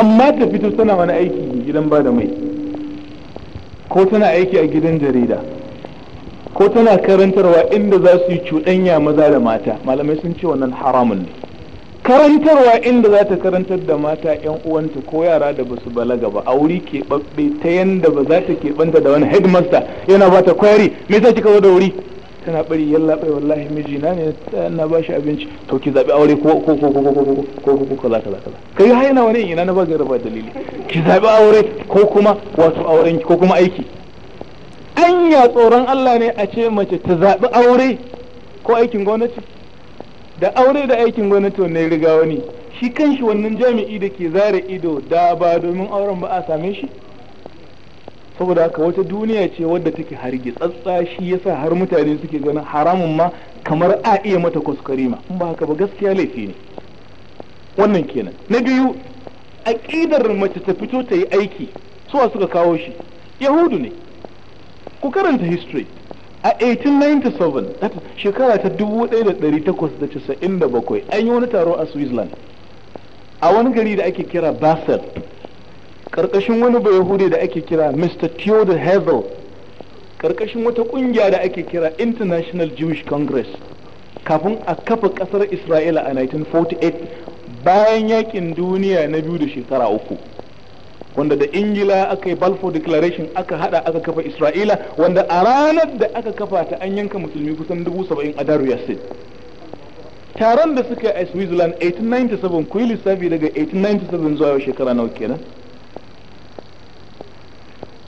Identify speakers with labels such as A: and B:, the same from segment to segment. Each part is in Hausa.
A: amma ta fito tana wani aiki gidan ba da mai ko tana aiki a gidan jarida ko tana karantarwa inda za su yi cuɗanya maza da mata malamai sun ce wannan haramun ne karantarwa inda za ta karantar da mata 'yan uwanta ko yara da basu balaga ba a wuri keɓaɓɓe ta yanda ba za ta keɓanta da wani headmaster yana ba ta kwari me za kika kawo da wuri tana bari yalla bai wallahi mijina ne na ba shi abinci to ki zabi aure ko ko ko ko ko ko ko ko kaza kaza kaza kai har yana wani ina na ba gara ba dalili ki zabi aure ko kuma wato auren ko kuma aiki anya tsoron Allah ne a ce mace ta zabi aure ko aikin gwamnati da aure da aikin gwamnati ne riga wani shi kanshi wannan jami'i da ke zare ido da ba domin auren ba a same shi saboda haka wata duniya ce wadda take tsatsa shi yasa har mutane suke ganin haramun ma kamar a iya mata kuskurima in ba haka ba gaskiya laifi ne wannan kenan na biyu aƙidar mace ta fito ta yi aiki suwa suka kawo shi yahudu ne ku karanta history a 1897 shekara ta 1897 an yi wani taro a switzerland a wani gari da ake kira basel karkashin wani bayahude da ake kira Mr. Theodore hevel karkashin wata kungiya da ake kira International Jewish Congress kafin a kafa kasar Isra'ila a 1948 bayan yakin duniya na biyu da shekara uku wanda da ingila aka yi balfour declaration aka hada aka kafa isra'ila wanda a ranar da aka kafa ta an yanka musulmi kusan dubu a daru ya taron da suka yi a switzerland 1897 kuyi lissafi daga 1897 zuwa shekara nawa kenan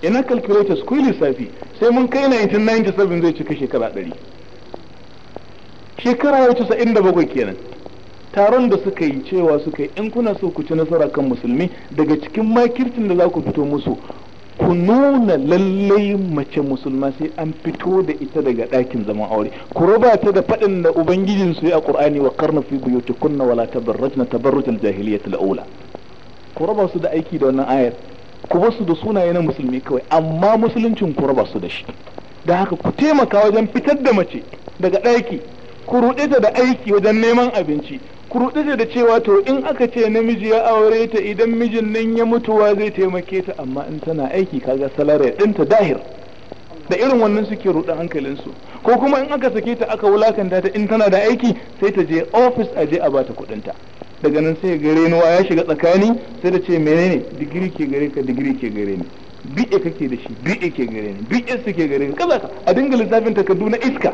A: ina calculators ku lissafi sai mun kai 1997 zai cika shekara 100 shekara ya ci bakwai kenan taron da suka yi cewa suka yi in kuna so ku ci nasara kan musulmi daga cikin makircin da za ku fito musu ku nuna lallai mace musulma sai an fito da ita daga ɗakin zaman aure ku raba ta da faɗin da ubangijin su yi a qur'ani wa karna fi kunna wala tabarrajna tabarrujal jahiliyatul ula ku raba su da aiki da wannan ayar ku basu da sunaye na musulmi kawai amma musuluncin ku raba su da shi da haka ku taimaka wajen fitar da mace daga ɗaki ku ruɗe ta da aiki wajen neman abinci ku ruɗe ta da cewa to in aka ce namiji ya aure ta idan mijin nan ya mutuwa zai taimake ta amma in tana aiki kaga salariya ɗinta dahir da irin wannan suke ruɗa hankalinsu ko kuma in aka sake ta aka wulakanta ta in tana da aiki sai ta je ofis a je a bata ta. daga nan sai gare ni ya shiga tsakani sai da ce menene digiri ke gare ka digiri ke gare ni bi'e kake da shi bi'e ke gare ni bi'e su ke gare ni kaza ka a dinga lissafin takardu na iska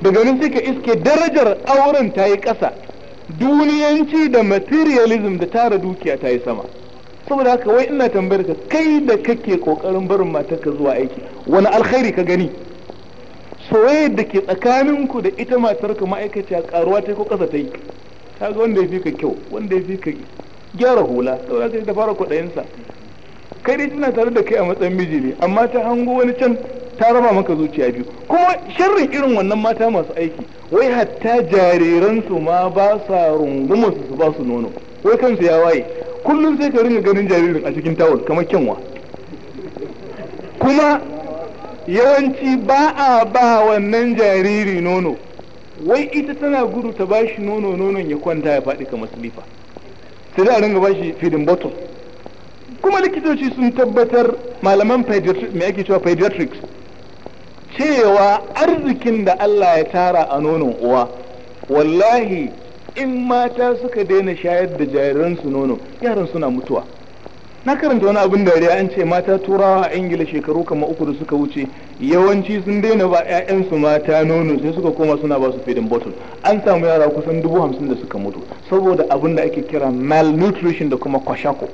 A: daga nan sai ka iske darajar auren ta yi ƙasa duniyanci da materialism da tara dukiya ta yi sama saboda haka wai ina tambayar ka kai da kake kokarin barin matarka zuwa aiki wani alkhairi ka gani soyayyar da ke tsakaninku da ita matarka ma'aikaciya karuwa ta ko kasa ta yi kaga wanda ya fi ka kyau wanda ya fi ka gyara hula saboda ka ta fara kwaɗayinsa kai dai tana tare da kai a matsayin miji ne amma ta hango wani can ta raba maka zuciya biyu kuma sharrin irin wannan mata masu aiki wai hatta jariransu ma ba sa runguma su ba su nono wai kansu ya waye kullum sai ka ringa ganin jaririn a cikin tawul kamar kyanwa kuma yawanci ba a ba wannan jariri nono wai ita tana gudu ta bashi nono nonon ya kwanta ya faɗi kamar silifa sai da ringa bashi feeding bottle kuma likitoci sun tabbatar malaman pediatrics mai ake cewa pediatrics cewa arzikin da Allah ya tara a nonon uwa wallahi in mata suka daina shayar da jariransu nono yaran suna mutuwa na karanta wani abin dariya an ce mata turawa a ingila shekaru kama uku da suka wuce yawanci sun daina ba 'ya'yansu mata nono sai suka koma suna ba su feeding bottle an samu yara kusan dubu hamsin da suka mutu saboda abin da ake kira malnutrition da kuma kwashako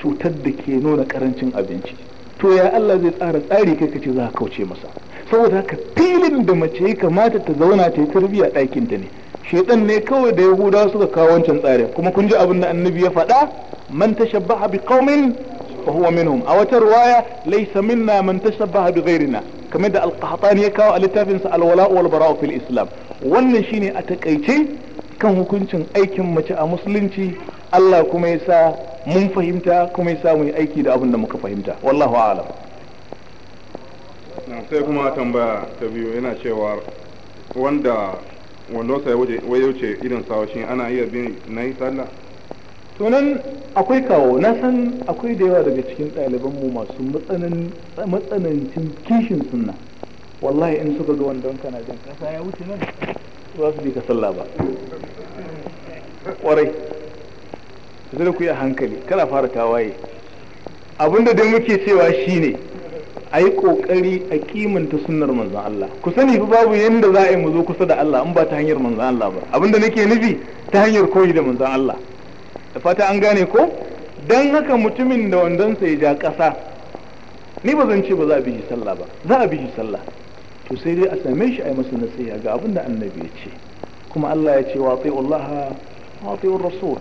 A: cutar da ke nuna karancin abinci to ya Allah zai tsara tsari kai kace za ka kauce masa saboda haka filin da mace ya kamata ta zauna ta yi tarbiyya ɗakin ta ne shedan ne kawai da yahudawa suka kawo wancan tsarin kuma kun ji abin da annabi ya faɗa man tashabbaha bi qaumin fa huwa minhum a wata riwaya laysa minna man tashabbaha bi ghayrina kamar da al-qahtani ya kawo a littafin sa al-wala wal bara'u fil islam wannan shine a takaice kan hukuncin aikin mace a musulunci Allah kuma ya sa mun fahimta kuma ya sa mu yi aiki da abin da muka fahimta wallahu a'lam
B: sai kuma tambaya ta biyu yana cewa wanda wandonsa ya wuce idan sawa shi ana iya bin na yi sallah to nan
A: akwai kawo na san akwai da yawa daga cikin ɗaliban mu masu matsanancin kishin sunna wallahi in suka zo wandon kana jin kasa ya wuce nan ba su bi ka sallah ba kwarai zai ku yi hankali kana fara tawaye abinda da muke cewa shine a yi ƙoƙari a kimanta sunnar manzan Allah ku sani fa babu yadda za a yi mu zo kusa da Allah in ba ta hanyar manzan Allah ba abinda nake nufi ta hanyar koyi da manzan Allah da fata an gane ko dan haka mutumin da wandonsa ya ja ƙasa ni ba zan ce ba za a bi sallah ba za a bi sallah to sai dai a same shi a yi masa nasiha ga abin da annabi ya ce kuma Allah ya ce wa Allah wa rasul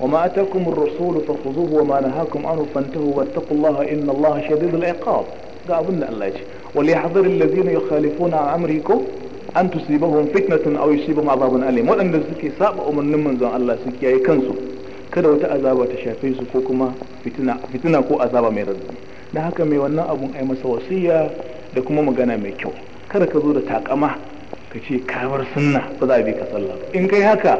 A: وما أتاكم الرسول فخذوه وما نهاكم عنه فانتهوا واتقوا الله إن الله شديد العقاب ga abin da Allah ya ce wal yahdhar alladhina yukhalifuna amri an tusibahum fitnatun aw yusibahum azabun alim waɗanda suke saba umarnin manzon Allah su kiyaye kansu kada wata azaba ta shafe su ko kuma fitina fitina ko azaba mai razzi dan haka mai wannan abun ai masa wasiya da kuma magana mai kyau kada ka zo da takama ka ce kawar sunna ba za a bi ka sallah in kai haka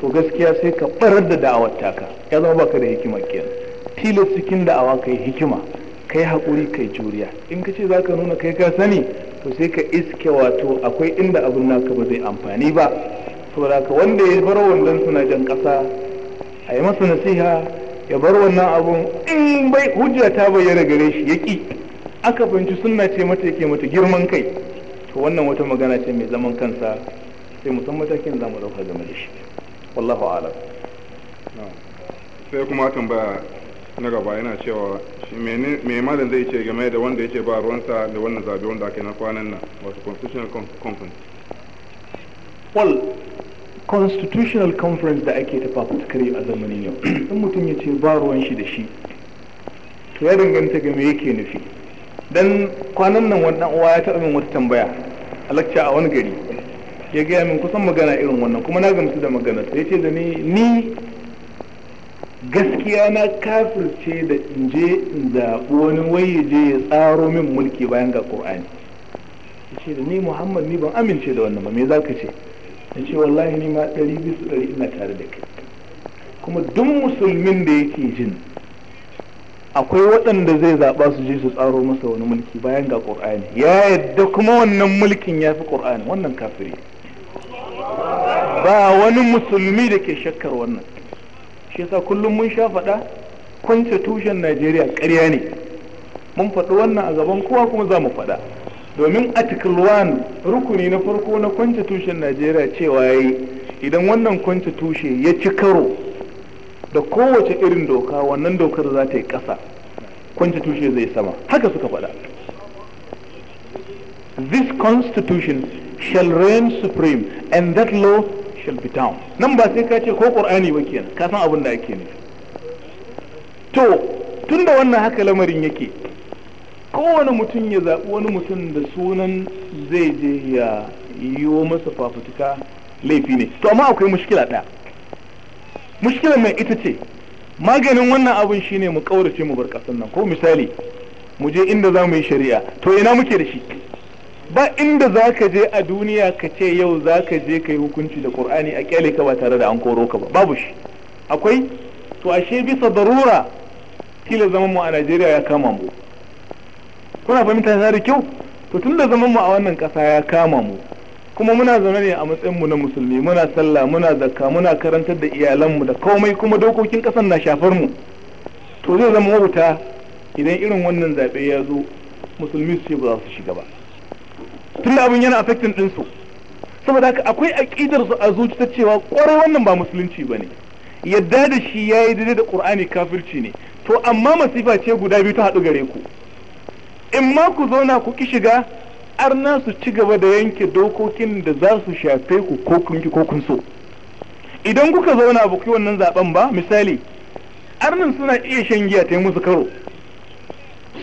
A: to gaskiya sai ka barar da da'awar taka ya zama baka da hikima kenan tilas cikin da'awa kai hikima kai hakuri kai juriya in ka ce za ka nuna kai ka sani to sai ka iske wato akwai inda abin naka ba zai amfani ba da ka wanda ya bar wannan suna jan ƙasa a yi masa nasiha ya bar wannan abun in bai hujja ta bayyana gare shi ya ƙi aka fahimci sunna ce mata yake mata girman kai to wannan wata magana ce mai zaman kansa sai mu san
B: matakin za mu ɗauka game da shi wallahu a'lam sai kuma tambaya na gaba yana cewa me malam zai ce game da wanda yake ba ruwansa da wannan zabe wanda aka na kwanan nan wasu constitutional conference well
A: constitutional conference da ake tafa fuskari a zamanin yau in mutum ya ce ba ruwan shi da shi to ya danganta game me yake nufi dan kwanan nan wannan uwa ya taɓa min wata tambaya a lakca a wani gari ya gaya min kusan magana irin wannan kuma na gamsu da magana Ya ce da ni gaskiya na kafirce da in je in zaɓi wani waye je ya tsaro min mulki bayan ga ƙur'ani ya ce da ni muhammad ni ban amince da wannan ba me za ka ce ya ce wallahi ni ma ɗari bisu ɗari ina tare da kai kuma duk musulmin da yake jin akwai waɗanda zai zaɓa su je su tsaro masa wani mulki bayan ga ƙur'ani ya yadda kuma wannan mulkin ya fi ƙur'ani wannan kafiri ba wani musulmi da ke shakkar wannan shi yasa kullum mun sha faɗa constitution Najeriya ƙarya ne mun faɗi wannan a gaban kowa kuma za mu faɗa domin article 1 rukuni na farko na constitution Najeriya cewa yayi idan wannan constitution ya ci karo da kowace irin doka wannan dokar za ta yi ƙasa constitution zai sama haka suka faɗa this constitution shall reign supreme and that law shall be down nan ba sai ka ce ko qur'ani ba kenan ka san abin da ake ne. to tunda wannan haka lamarin yake kowane mutum ya zaɓi wani mutum da sunan zai je ya yi wa masa fafutuka laifi ne to amma akwai mushkila ɗaya mushkila mai ita ce maganin wannan abin shine mu ƙaurace mu bar ƙasar nan ko misali mu je inda zamu yi shari'a to ina muke da shi ba inda za ka je a duniya ka ce yau za ka je ka yi hukunci da ƙur'ani a ƙyale ka ba tare da an koro ka ba babu shi akwai to ashe bisa darura kila zaman mu a Najeriya ya kama mu kuna fahimta na da kyau to tun da zaman mu a wannan ƙasa ya kama mu kuma muna zama ne a matsayin mu na musulmi muna sallah muna zakka muna karantar da iyalanmu da komai kuma dokokin ƙasar na shafar mu to zai zama wuta idan irin wannan zaɓe ya zo musulmi su ce ba za su shiga ba tun da abin yana affecting din su saboda haka akwai aqidar su a zuci ta cewa kwarai wannan ba musulunci bane yadda da shi yayi daidai da Qur'ani kafirci ne to amma masifa ce guda biyu ta haɗu gare ku in ma ku zauna ku ki shiga arna su ci gaba da yanke dokokin da za su shafe ku ko kun ki ko kun so idan kuka zauna ba ku wannan zaben ba misali arnin suna iya shan giya ta yi musu karo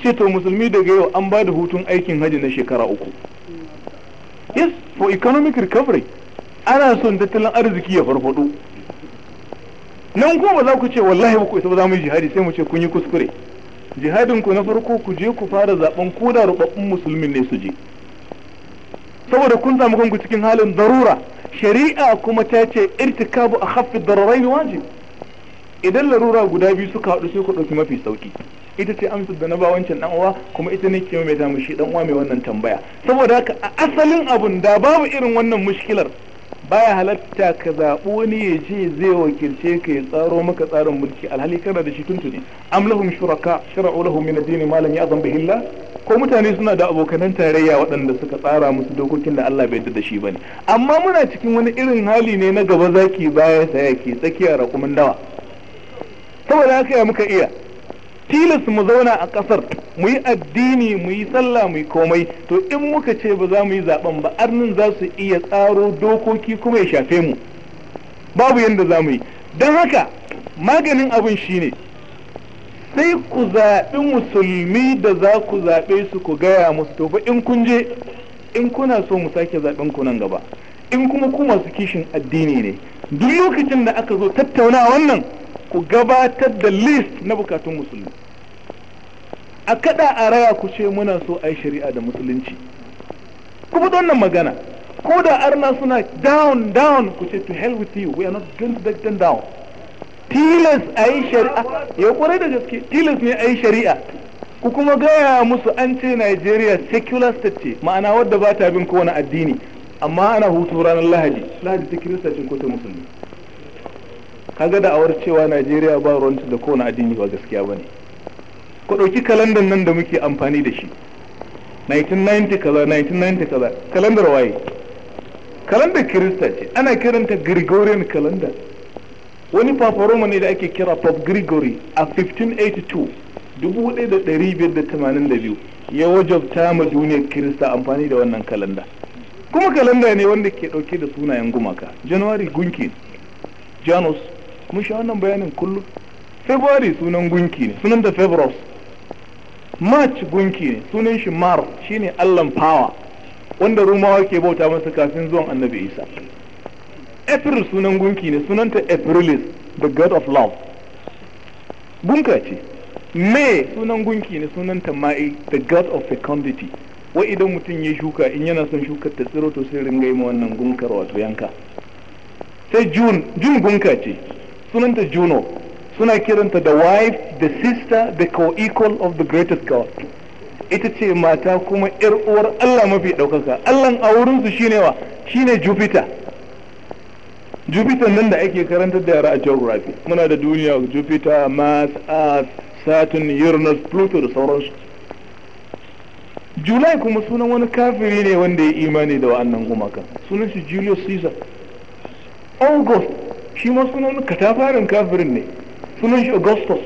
A: sai to musulmi daga yau an ba da hutun aikin hajji na shekara uku is for economic recovery ana son tattalin arziki ya farfado nan kuma ba za ku ce wallahi ba ku isa ba za mu yi jihadi sai mu ce kun yi kuskure jihadin ku na farko ku je ku fara zaben ko da rubabbun musulmin ne su je saboda kun samu kanku cikin halin darura shari'a kuma ta ce irtikabu a hafi dararain wajib idan larura guda biyu suka haɗu sai ku ɗauki mafi sauki ita ce amsar da na ba wancan dan uwa kuma ita ne ke mai mu shi dan uwa mai wannan tambaya saboda haka a asalin abun da babu irin wannan mushkilar baya halatta ka zaɓi wani ya ce zai wakilce ka ya tsaro maka tsarin mulki alhali kana da shi tuntuni am lahum shuraka shara'u lahum min ad-din ma lam ya'zam bihi Allah ko mutane suna da abokanan tarayya waɗanda suka tsara musu dokokin da Allah bai yarda da shi bane amma muna cikin wani irin hali ne na gaba zaki baya sayaki tsakiya rakumin dawa saboda haka ya muka iya tilas mu zauna a ƙasar mu yi addini mu yi sallah mu yi komai to in muka ce ba za mu yi zaben ba arnin za su iya tsaro dokoki kuma ya shafe mu babu yadda za mu yi don haka maganin abin shine sai ku zaɓi musulmi da za ku zaɓe su ku gaya musu to ba in kun je in kuna so mu sake zaɓen ku nan gaba in kuma ku masu kishin addini ne duk lokacin da aka zo tattauna wannan ku gabatar da list na bukatun musulmi a kada a raya ku ce muna so a yi shari'a da musulunci ku faɗi wannan magana ko da arna suna down down ku ce to hell with you we are not going to back them down tilas a yi shari'a ya kwarai da gaske tilas ne a yi shari'a ku kuma gaya musu an ce Nigeria secular state ce ma'ana wadda ba ta bin kowane addini amma ana hutu ranar lahadi lahadi ta kirista ce ko ta musulmi kaga awar cewa Najeriya ba ruwanta da kowane addini ba gaskiya bane ku ɗauki kalandar nan da muke amfani da shi 1990 kaza 1990 kaza kalandar waye kalandar kirista ce ana kiranta Gregorian kalandar. wani paparoma ne da ake kira pop Gregory a 1582 1582 ya wajabta ma duniyar kirista amfani da wannan kalanda kuma kalanda ne wanda ke dauke da sunayen gumaka January gunki Janus mun sha wannan bayanin kullum february sunan gunki ne sunan da february march gunki ne sunan shi mar shine allan power wanda rumawa ke bauta masa kafin zuwan annabi isa april sunan gunki ne sunan ta aprilis the god of love gunka ce may sunan gunki ne sunan ta ma'i the god of fecundity wai idan mutum ya shuka in yana son shukar ta tsiro to sai ringa yi wannan gunkar wato yanka sai Jun, Jun gunka ce sunanta juno suna kiranta the wife the sister the co-equal of the greatest god ita ce mata kuma yar uwar Allah mafi ɗaukaka Allahn a wurinsu shine wa shine Jupiter Jupiter nan da ake karantar da yara a geography muna da duniya Jupiter Mars Earth Saturn Uranus Pluto da sauransu Julai kuma sunan wani kafiri ne wanda ya imani da wa'annan gumaka sunan shi Julius Caesar August shi ma sunan katafaren kafirin ne sunan shi augustus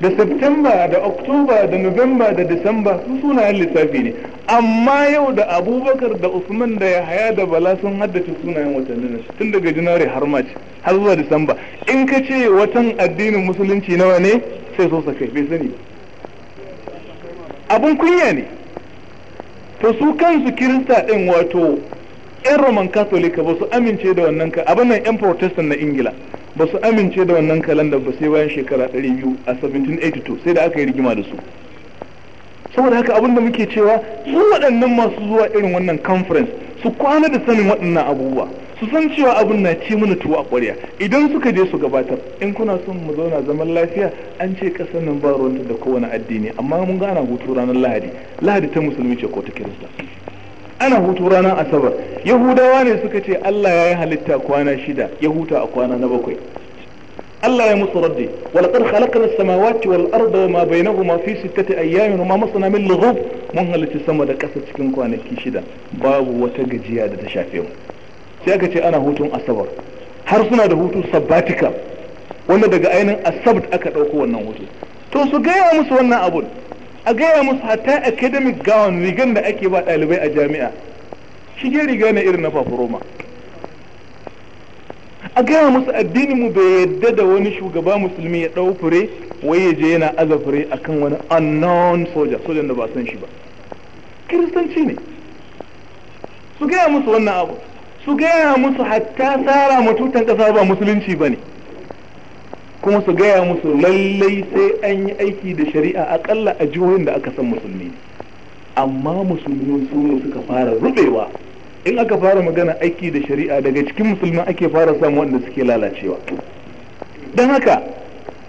A: da september da oktoba da novemba da disamba su sunayen lissafi ne amma yau da abubakar da usman da yahaya da bala sun haddace sunayen watanni na tun daga janairu har march har zuwa disamba in ka ce watan addinin musulunci nawa ne sai so sakai bai sani ba abun kunya ne to su kansu kirista din wato yan roman katolika ba su amince da wannan ka abin nan yan protestant na ingila ba su amince da wannan kalandar ba sai bayan shekara 200 a 1782 sai da aka yi rigima da su saboda haka abin da muke cewa su waɗannan masu zuwa irin wannan conference su kwana da sanin waɗannan abubuwa su san cewa abin na ci mana tuwa a ƙwarya idan suka je su gabatar in kuna son mu zauna zaman lafiya an ce ƙasar nan ba ruwanta da kowane addini amma mun gana hutu ranar lahadi lahadi ta musulmi ce ko ta kirista ana hutu ranar asabar yahudawa ne suka ce Allah ya yi halitta kwana shida ya huta a kwana na bakwai Allah ya musu raddi wal qad khalaqna as-samawati wal arda wa ma bainahuma fi sittati ayyamin wa ma masana min lughub mun halitta sama da ƙasa cikin kwanaki shida babu wata gajiya da ta shafe mu sai aka ce ana hutun asabar har suna da hutu sabbatika wanda daga ainihin asabt aka ɗauko wannan hutu to su gaya musu wannan abun a gaya musu hatta academic gown rigan da ake ba ɗalibai a jami'a shige riga na irin na fafuroma a gaya musu addinin mu bai yadda da wani shugaba musulmi ya ɗau fure wai ya je yana aza fure akan wani unknown soja sojan da ba san shi ba kiristanci ne su gaya musu wannan abu su gaya musu hatta tsara mutuntan ƙasa ba musulunci ba ne kuma su gaya musu lallai sai an yi aiki da shari'a akalla a jihohin da aka san musulmi amma musulmi su ne suka fara rubewa in aka fara magana aiki da shari'a daga cikin musulmi ake fara samu wanda suke lalacewa don haka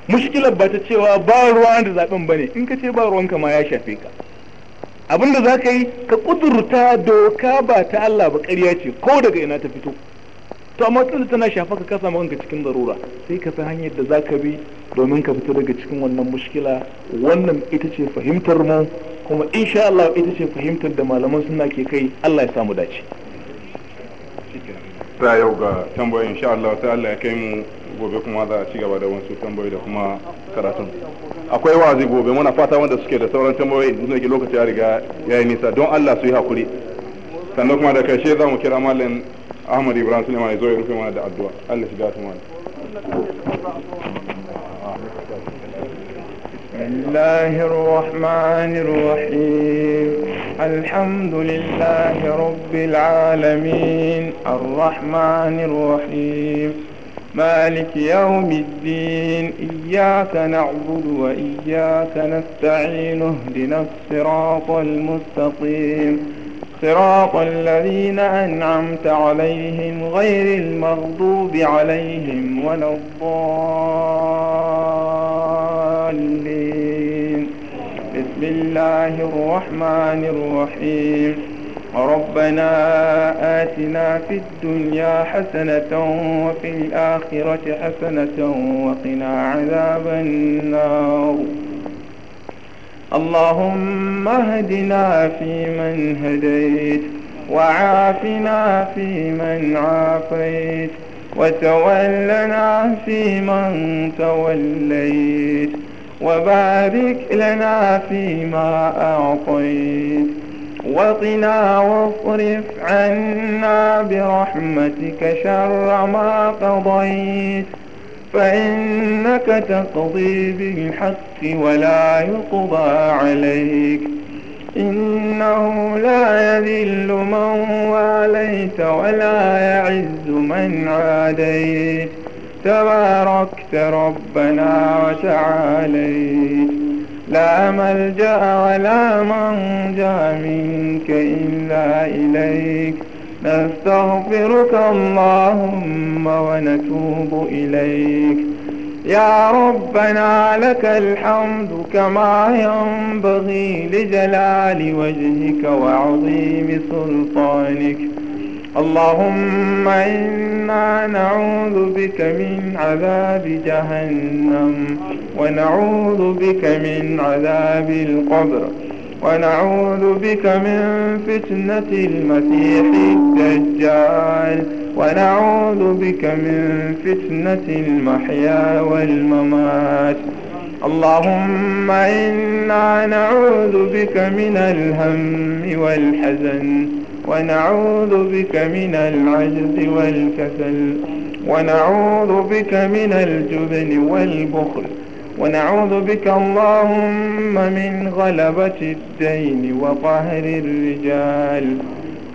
A: mushkilar ba ta cewa ba ruwa da zaben ba ne in ka ce ba ruwanka ma ya shafe ka abinda za ka yi ka kudurta doka ba ta Allah ba ƙarya ce ko daga ina ta fito to amma tun da tana shafa ka kasa kanka cikin darura sai ka san hanyar da za ka bi domin ka fita daga cikin wannan mushkila wannan ita ce fahimtar mu kuma insha Allah ita ce fahimtar da malaman suna ke kai Allah ya samu dace
B: ta yau ga tambayoyi insha Allah ta Allah ya kai mu gobe kuma za a ci gaba da wasu tambayoyi da kuma karatun akwai wazi gobe muna fata wanda suke da sauran tambayoyi da ke lokaci ya riga ya yi nisa don Allah su yi hakuri sannan kuma da karshe za mu kira malam احمد ابراهيم سليمان ya zo ما rufe mana da addu'a Allah
C: shiga بسم الله الرحمن الرحيم الحمد لله رب العالمين الرحمن الرحيم مالك يوم الدين إياك نعبد وإياك نستعين اهدنا الصراط المستقيم صراط الذين أنعمت عليهم غير المغضوب عليهم ولا الضالين بسم الله الرحمن الرحيم ربنا آتنا في الدنيا حسنة وفي الآخرة حسنة وقنا عذاب النار اللهم اهدنا فيمن هديت وعافنا فيمن عافيت وتولنا فيمن توليت وبارك لنا فيما أعطيت وقنا واصرف عنا برحمتك شر ما قضيت فإنك تقضي بالحق ولا يقضى عليك إنه لا يذل من واليت ولا يعز من عاديت تباركت ربنا وتعاليت لا ملجأ ولا منجأ منك إلا إليك نستغفرك اللهم ونتوب إليك يا ربنا لك الحمد كما ينبغي لجلال وجهك وعظيم سلطانك اللهم إنا نعوذ بك من عذاب جهنم ونعوذ بك من عذاب القبر ونعوذ بك من فتنة المسيح الدجال ونعوذ بك من فتنة المحيا والممات اللهم إنا نعوذ بك من الهم والحزن ونعوذ بك من العجز والكسل ونعوذ بك من الجبن والبخل ونعوذ بك اللهم من غلبة الدين وقهر الرجال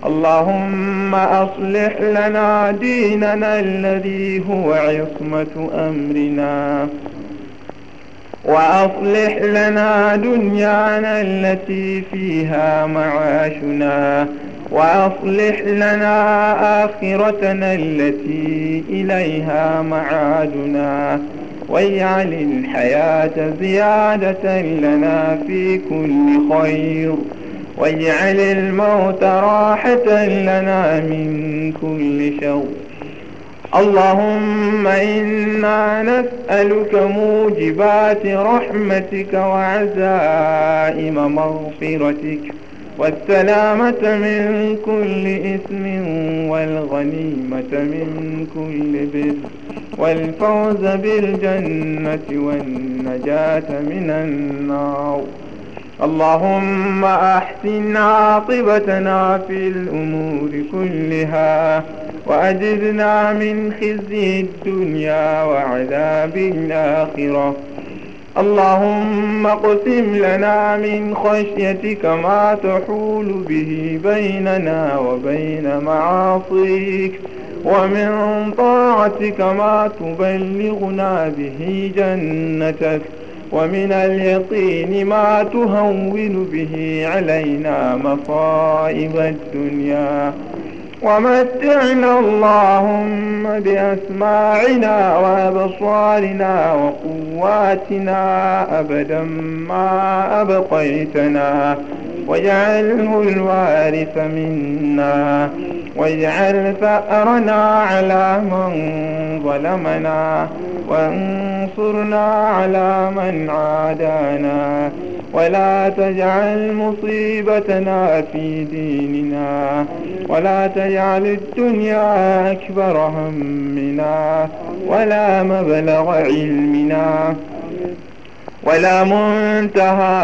C: اللهم أصلح لنا ديننا الذي هو عصمة أمرنا وأصلح لنا دنيانا التي فيها معاشنا وأصلح لنا آخرتنا التي إليها معادنا واجعل الحياة زيادة لنا في كل خير واجعل الموت راحة لنا من كل شر اللهم إنا نسألك موجبات رحمتك وعزائم مغفرتك والسلامة من كل إثم والغنيمة من كل بر والفوز بالجنة والنجاة من النار اللهم أحسن عاقبتنا في الأمور كلها وأجرنا من خزي الدنيا وعذاب الآخرة اللهم اقسم لنا من خشيتك ما تحول به بيننا وبين معاصيك ومن طاعتك ما تبلغنا به جنتك ومن اليقين ما تهون به علينا مصائب الدنيا ومتعنا اللهم بأسماعنا وأبصارنا وقواتنا أبدا ما أبقيتنا واجعله الوارث منا واجعل ثأرنا على من ظلمنا وانصرنا على من عادانا ولا تجعل مصيبتنا في ديننا ولا تجعل الدنيا أكبر همنا ولا مبلغ علمنا ولا منتهى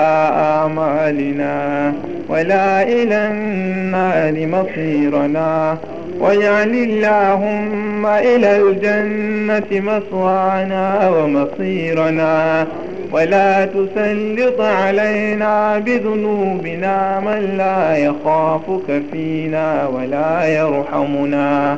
C: آمالنا ولا إلى النار مصيرنا واجعل اللهم إلى الجنة مصوانا ومصيرنا ولا تسلط علينا بذنوبنا من لا يخافك فينا ولا يرحمنا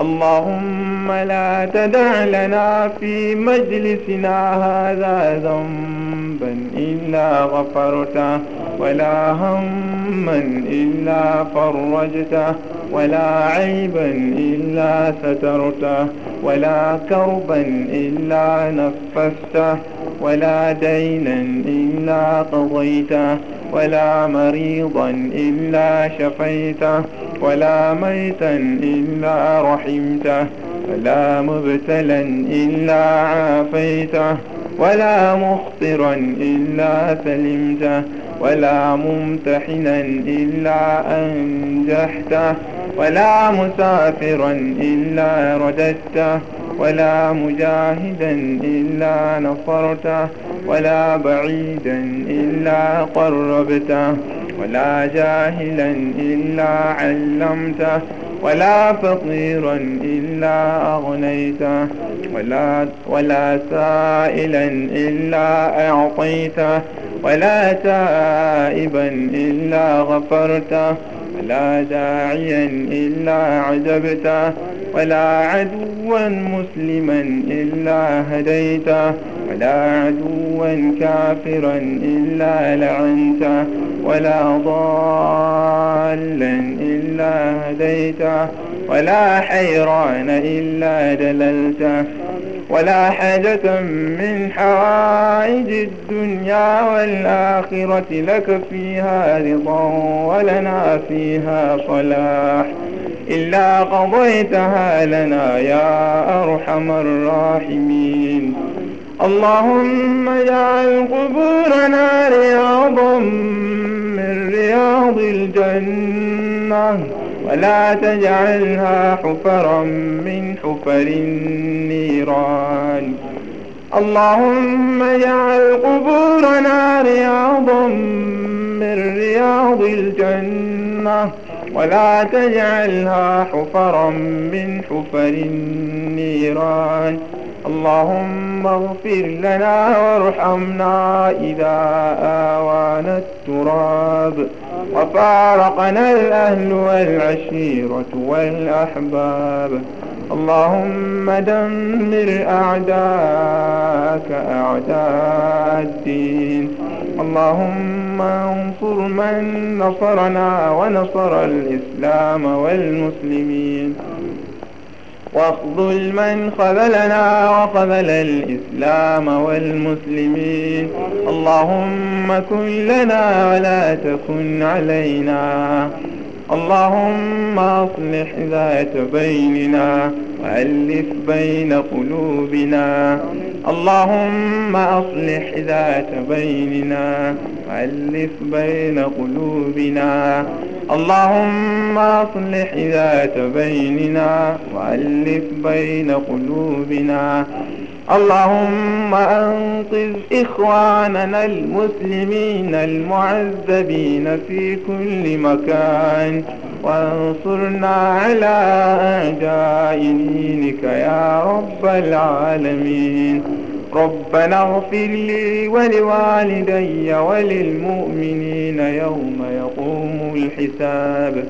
C: اللهم لا تدع لنا في مجلسنا هذا ذنبا إلا غفرته ولا هما إلا فرجته ولا عيبا إلا سترته ولا كربا إلا نفسته ولا دينا إلا قضيته ولا مريضا إلا شفيته ولا ميتا إلا رحمته ولا مبتلا إلا عافيته ولا مخطرا إلا سلمته ولا ممتحنا إلا أنجحته ولا مسافرا إلا رددته ولا مجاهدا إلا نصرته ولا بعيدا إلا قربته ولا جاهلا إلا علمته ولا فقيرا إلا أغنيته ولا, ولا سائلا إلا أعطيته ولا تائبا إلا غفرته ولا داعيا إلا عجبته ولا عدوا مسلما إلا هديته ولا عدوا كافرا إلا لعنته ولا ضالا إلا هديته ولا حيران إلا دللته ولا حاجة من حوائج الدنيا والآخرة لك فيها رضا ولنا فيها صلاح إلا قضيتها لنا يا أرحم الراحمين اللهم اجعل قبورنا رياضا من رياض الجنة ولا تجعلها حفرا من حفر النيران اللهم اجعل قبورنا رياضا من رياض الجنة ولا تجعلها حفرا من حفر النيران اللهم اغفر لنا وارحمنا إذا آوانا التراب وفارقنا الأهل والعشيرة والأحباب اللهم دمر أعداءك أعداء الدين اللهم انصر من نصرنا ونصر الإسلام والمسلمين واخذل من خذلنا وخذل الإسلام والمسلمين اللهم كن لنا ولا تكن علينا اللهم أصلح ذات بيننا وألف بين قلوبنا اللهم أصلح ذات بيننا وألف بين قلوبنا اللهم أصلح ذات بيننا وألف بين قلوبنا اللهم أنقذ إخواننا المسلمين المعذبين في كل مكان وانصرنا على أعداء دينك يا رب العالمين ربنا اغفر لي ولوالدي وللمؤمنين يوم يقوم الحساب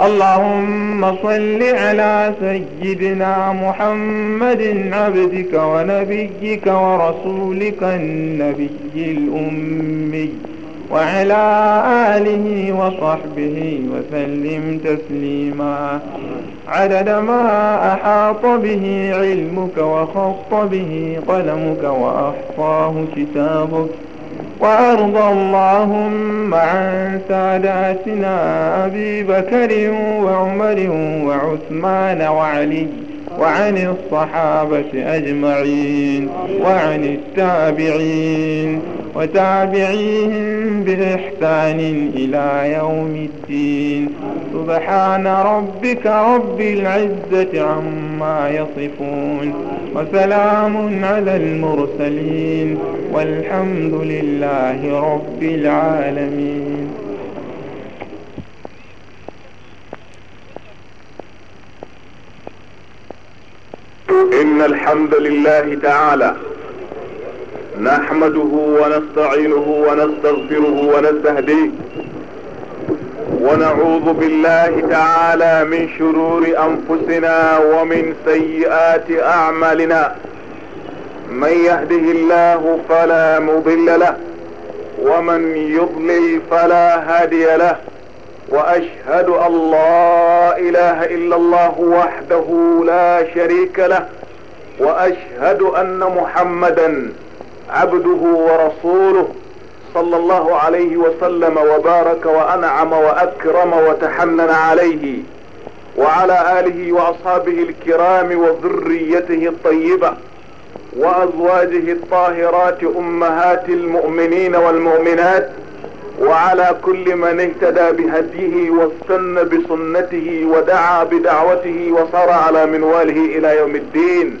C: اللهم صل على سيدنا محمد عبدك ونبيك ورسولك النبي الأمي وعلى آله وصحبه وسلم تسليما عدد ما أحاط به علمك وخط به قلمك وأحصاه كتابك وأرض اللهم عن ساداتنا أبي بكر وعمر وعثمان وعلي وعن الصحابة أجمعين وعن التابعين وتابعيهم بإحسان إلى يوم الدين سبحان ربك رب العزة عما يصفون وسلام على المرسلين والحمد لله رب العالمين
A: إن الحمد لله تعالى نحمده ونستعينه ونستغفره ونستهديه ونعوذ بالله تعالى من شرور انفسنا ومن سيئات اعمالنا من يهده الله فلا مضل له ومن يضلل فلا هادي له واشهد ان لا اله الا الله وحده لا شريك له واشهد ان محمدا عبده ورسوله صلى الله عليه وسلم وبارك وانعم واكرم وتحنن عليه وعلى اله واصحابه الكرام وذريته الطيبه وازواجه الطاهرات امهات المؤمنين والمؤمنات وعلى كل من اهتدى بهديه واستنى بسنته ودعا بدعوته وصار على منواله الى يوم الدين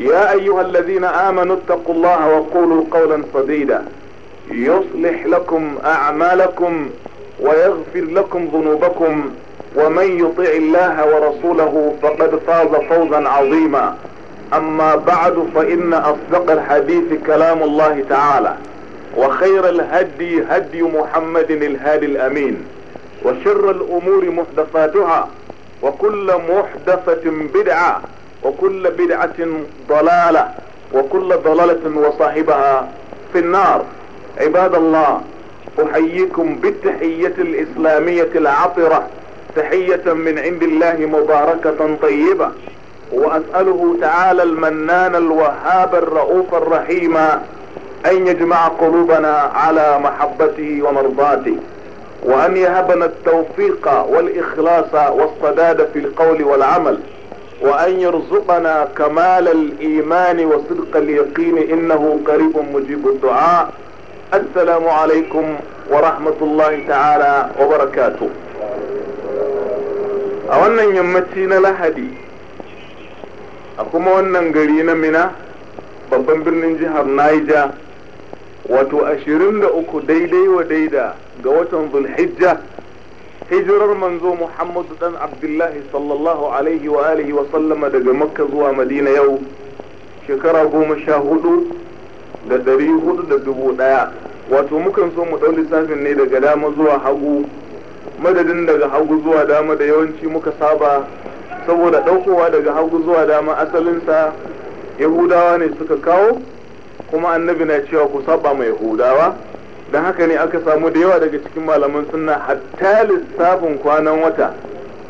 A: يا ايها الذين امنوا اتقوا الله وقولوا قولا سديدا
B: يصلح
A: لكم اعمالكم ويغفر لكم ذنوبكم ومن يطع الله ورسوله فقد فاز فوزا عظيما اما بعد فان اصدق الحديث كلام الله تعالى وخير الهدي هدي محمد الهادي الامين وشر الامور محدثاتها وكل محدثة بدعة وكل بدعة ضلالة وكل ضلالة وصاحبها في النار عباد الله احييكم بالتحية الاسلامية العطرة تحية من عند الله مباركة طيبة واسأله تعالى المنان الوهاب الرؤوف الرحيم ان يجمع قلوبنا على محبته ومرضاته وان يهبنا التوفيق والاخلاص والصداد في القول والعمل وأن يرزقنا كمال الإيمان وصدق اليقين إنه قريب مجيب الدعاء السلام عليكم ورحمة الله تعالى وبركاته أولا يمتين لهدي أقوم أولا قرينا منا babban birnin jihar Niger wato 23 daidai wa daida ga watan hijirar manzo Muhammadu dan Abdullahi sallallahu alaihi wa alihi wa sallama daga Makka zuwa Madina yau shekara goma sha hudu da dari hudu da dubu ɗaya wato mukan so mu ɗau lissafin ne daga dama zuwa hagu madadin daga hagu zuwa dama da yawanci muka saba saboda ɗaukowa daga hagu zuwa dama asalinsa yahudawa ne suka kawo kuma annabi na cewa ku saba ma yahudawa don haka ne aka samu da yawa daga cikin malaman sunna hatta lissafin kwanan wata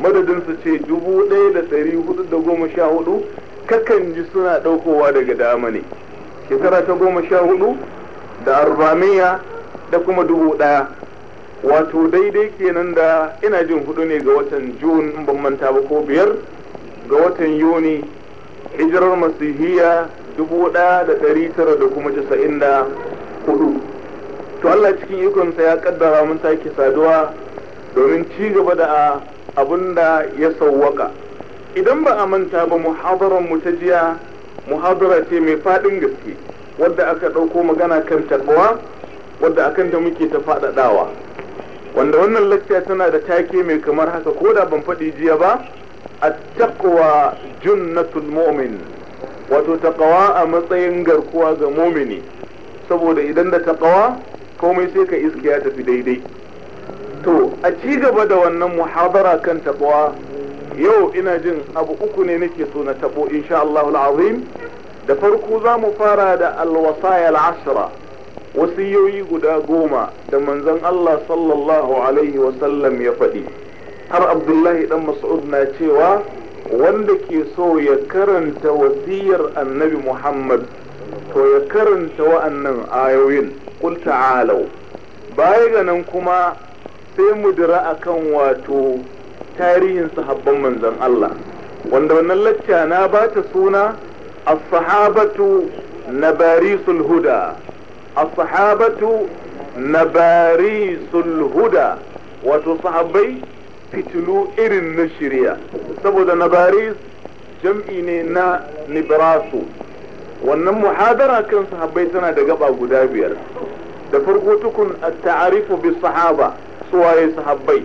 A: madadin su ce dubu ɗaya da ɗari hudu da goma sha hudu kakan ji suna ɗaukowa daga dama ne shekara ta goma sha hudu da arba'amiya da kuma dubu ɗaya wato daidai kenan da ina jin hudu ne ga watan jun in ban manta ba ko biyar ga watan yuni hijirar masihiya dubu ɗaya da ɗari tara da kuma casa'in da hudu to Allah cikin ikonsa ya kaddara mun sake saduwa domin ci gaba da abun da ya sauwaka idan ba a manta ba muhadaran mu ta jiya muhadara ce mai fadin gaske wadda aka ɗauko magana kan takwa wadda akan ta muke ta faɗaɗawa wanda wannan lakciya tana da take mai kamar haka ko da ban faɗi jiya ba at-taqwa junnatul mu'min wato taqwa a matsayin garkuwa ga mumini saboda idan da taqwa komai sai ka iska ya tafi daidai to a ci gaba da wannan muhabara kan taɓawa yau ina jin abu uku ne nake so na taɓo insha Allah azim da farko za mu fara da alwasaya ashra wasiyoyi guda goma da manzon Allah sallallahu alaihi sallam ya faɗi har abdullahi dan mas'ud na cewa wanda ke so ya karanta wasiyar annabi muhammad to ya karanta wa'annan ayoyin qul ta'alau baya ga nan kuma sai mu dira akan wato tarihin sahabban manzon Allah wanda wannan lacca na ba ta suna as-sahabatu nabarisul huda as-sahabatu nabarisul huda wato sahabbai fitilu irin na shirya saboda nabaris jam'i ne na nibrasu wannan muhadara kan sahabbai tana da gaba guda biyar da farko tukun at-ta'arifu bis sahaba suwaye sahabbai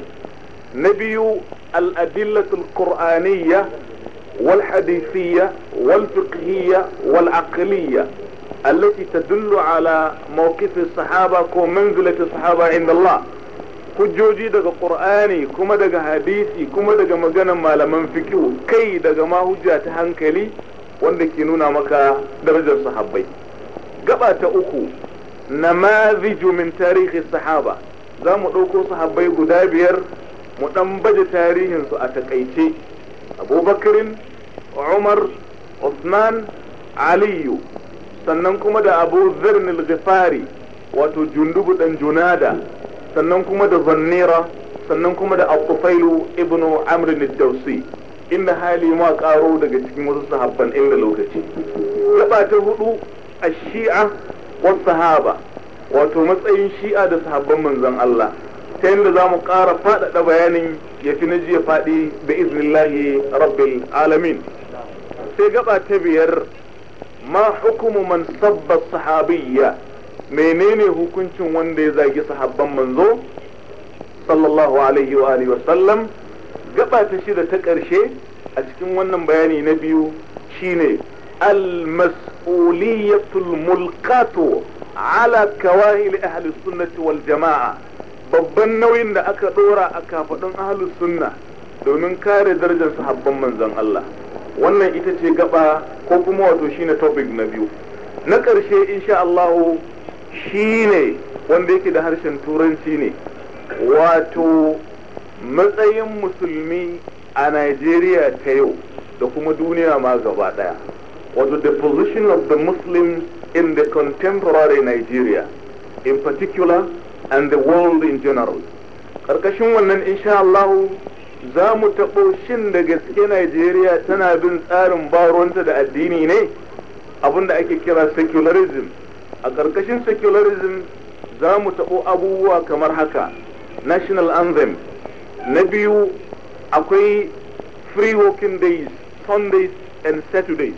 A: na biyu al qur'aniyya wal hadithiyya wal fiqhiyya wal aqliyya التي تدل على موقف الصحابة ومنزلة الصحابة عند الله hujjoji daga ƙur'ani kuma daga hadisi kuma daga maganan malaman fikihu kai daga ma hujja ta hankali wanda ke nuna maka darajar sahabbai gaba ta uku namaziju min tarihi sahaba za mu ɗauko sahabbai guda biyar mu ɗan baje tarihinsu a takaice abubakarin umar usman aliyu sannan kuma da abu zirnil ghifari wato jundubu ɗan junada sannan kuma da zannira sannan kuma da al ibnu amrin ad inda hali ma karo daga cikin wasu sahabban inda lokaci gaba ta hudu a shi'a wasu sahaba wato matsayin shi'a da sahabban manzon Allah ta yadda za mu ƙara faɗaɗa bayanin ya fi na jiya faɗi da iznillahi rabbil alamin sai gaba ta biyar ma hukumu man sabba sahabiyya menene hukuncin wanda ya zagi sahabban manzo sallallahu alaihi wa alihi wa sallam gaba ta shida ta ƙarshe a cikin wannan bayani na biyu shine al-mas'uliyatul mulkato ala kawahil ahli sunnati wal jama'a babban nauyin da aka dora a kafadun ahli sunna domin kare darajar sahabban manzon Allah wannan ita ce gaba ko kuma wato shine topic na biyu na ƙarshe insha Allah shine wanda yake da harshen turanci ne wato matsayin musulmi a Najeriya ta yau da kuma duniya ma gaba daya wato the position of the muslim in the contemporary Nigeria in particular and the world in general karkashin wannan insha Allah za mu taɓo shin da gaske Najeriya tana bin tsarin baronta da addini ne abin da ake kira secularism a karkashin secularism za mu taɓo abubuwa kamar haka national anthem na biyu akwai free working days sundays and saturdays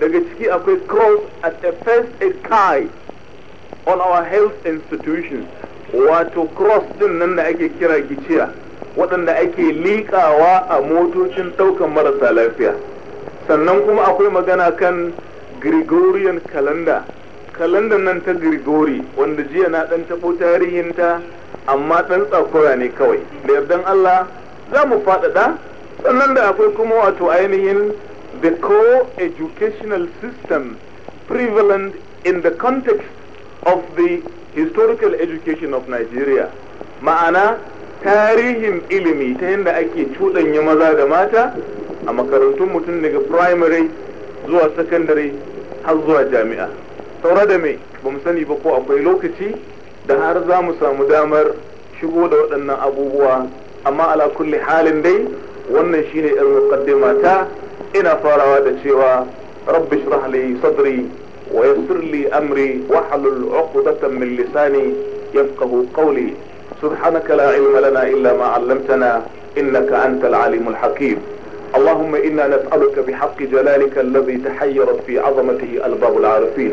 A: daga ciki akwai cross at a first aid kai on our health institution wato cross din nan da ake kira giciya waɗanda ake liƙawa a motocin ɗaukan marasa lafiya sannan kuma akwai magana kan gregorian calendar kalandar nan ta Grigori wanda jiya na ɗan taɓo tarihinta amma ɗan tsakura ne kawai da yardan Allah za mu faɗaɗa sannan da akwai kuma wato ainihin the co-educational system prevalent in the context of the historical education of Nigeria ma'ana tarihin ilimi ta yadda ake cuɗanya maza da mata a makarantun mutum daga primary zuwa secondary har zuwa jami'a saura da mai ba mu sani ba ko akwai lokaci da har za mu samu damar shigo da waɗannan abubuwa amma ala kulli halin dai wannan shine irin muqaddima ta ina farawa da cewa rabbi shrah li sadri wa yassir li amri wa halul 'uqdatan min lisani yafqahu qawli subhanaka la ilma lana illa ma 'allamtana innaka antal alimul hakim اللهم انا نسألك بحق جلالك الذي تحيرت في عظمته الباب العارفين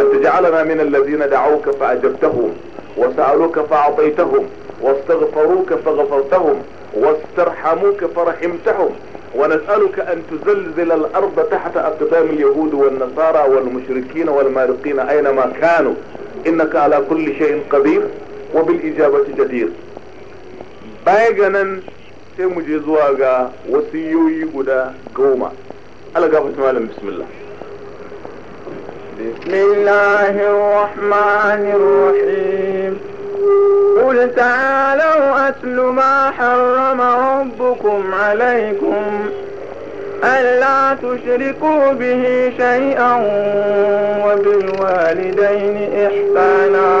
A: ان تجعلنا من الذين دعوك فاجبتهم وسألوك فاعطيتهم واستغفروك فغفرتهم واسترحموك فرحمتهم ونسألك ان تزلزل الارض تحت اقدام اليهود والنصارى والمشركين والمارقين اينما كانوا انك على كل شيء قدير وبالاجابة جدير بايغنن sai mu je zuwa ga wasiyoyi guda goma algafata malam bismillah
C: بسم الله الرحمن الرحيم قل تعالوا أتل ما حرم ربكم عليكم ألا تشركوا به شيئا وبالوالدين إحسانا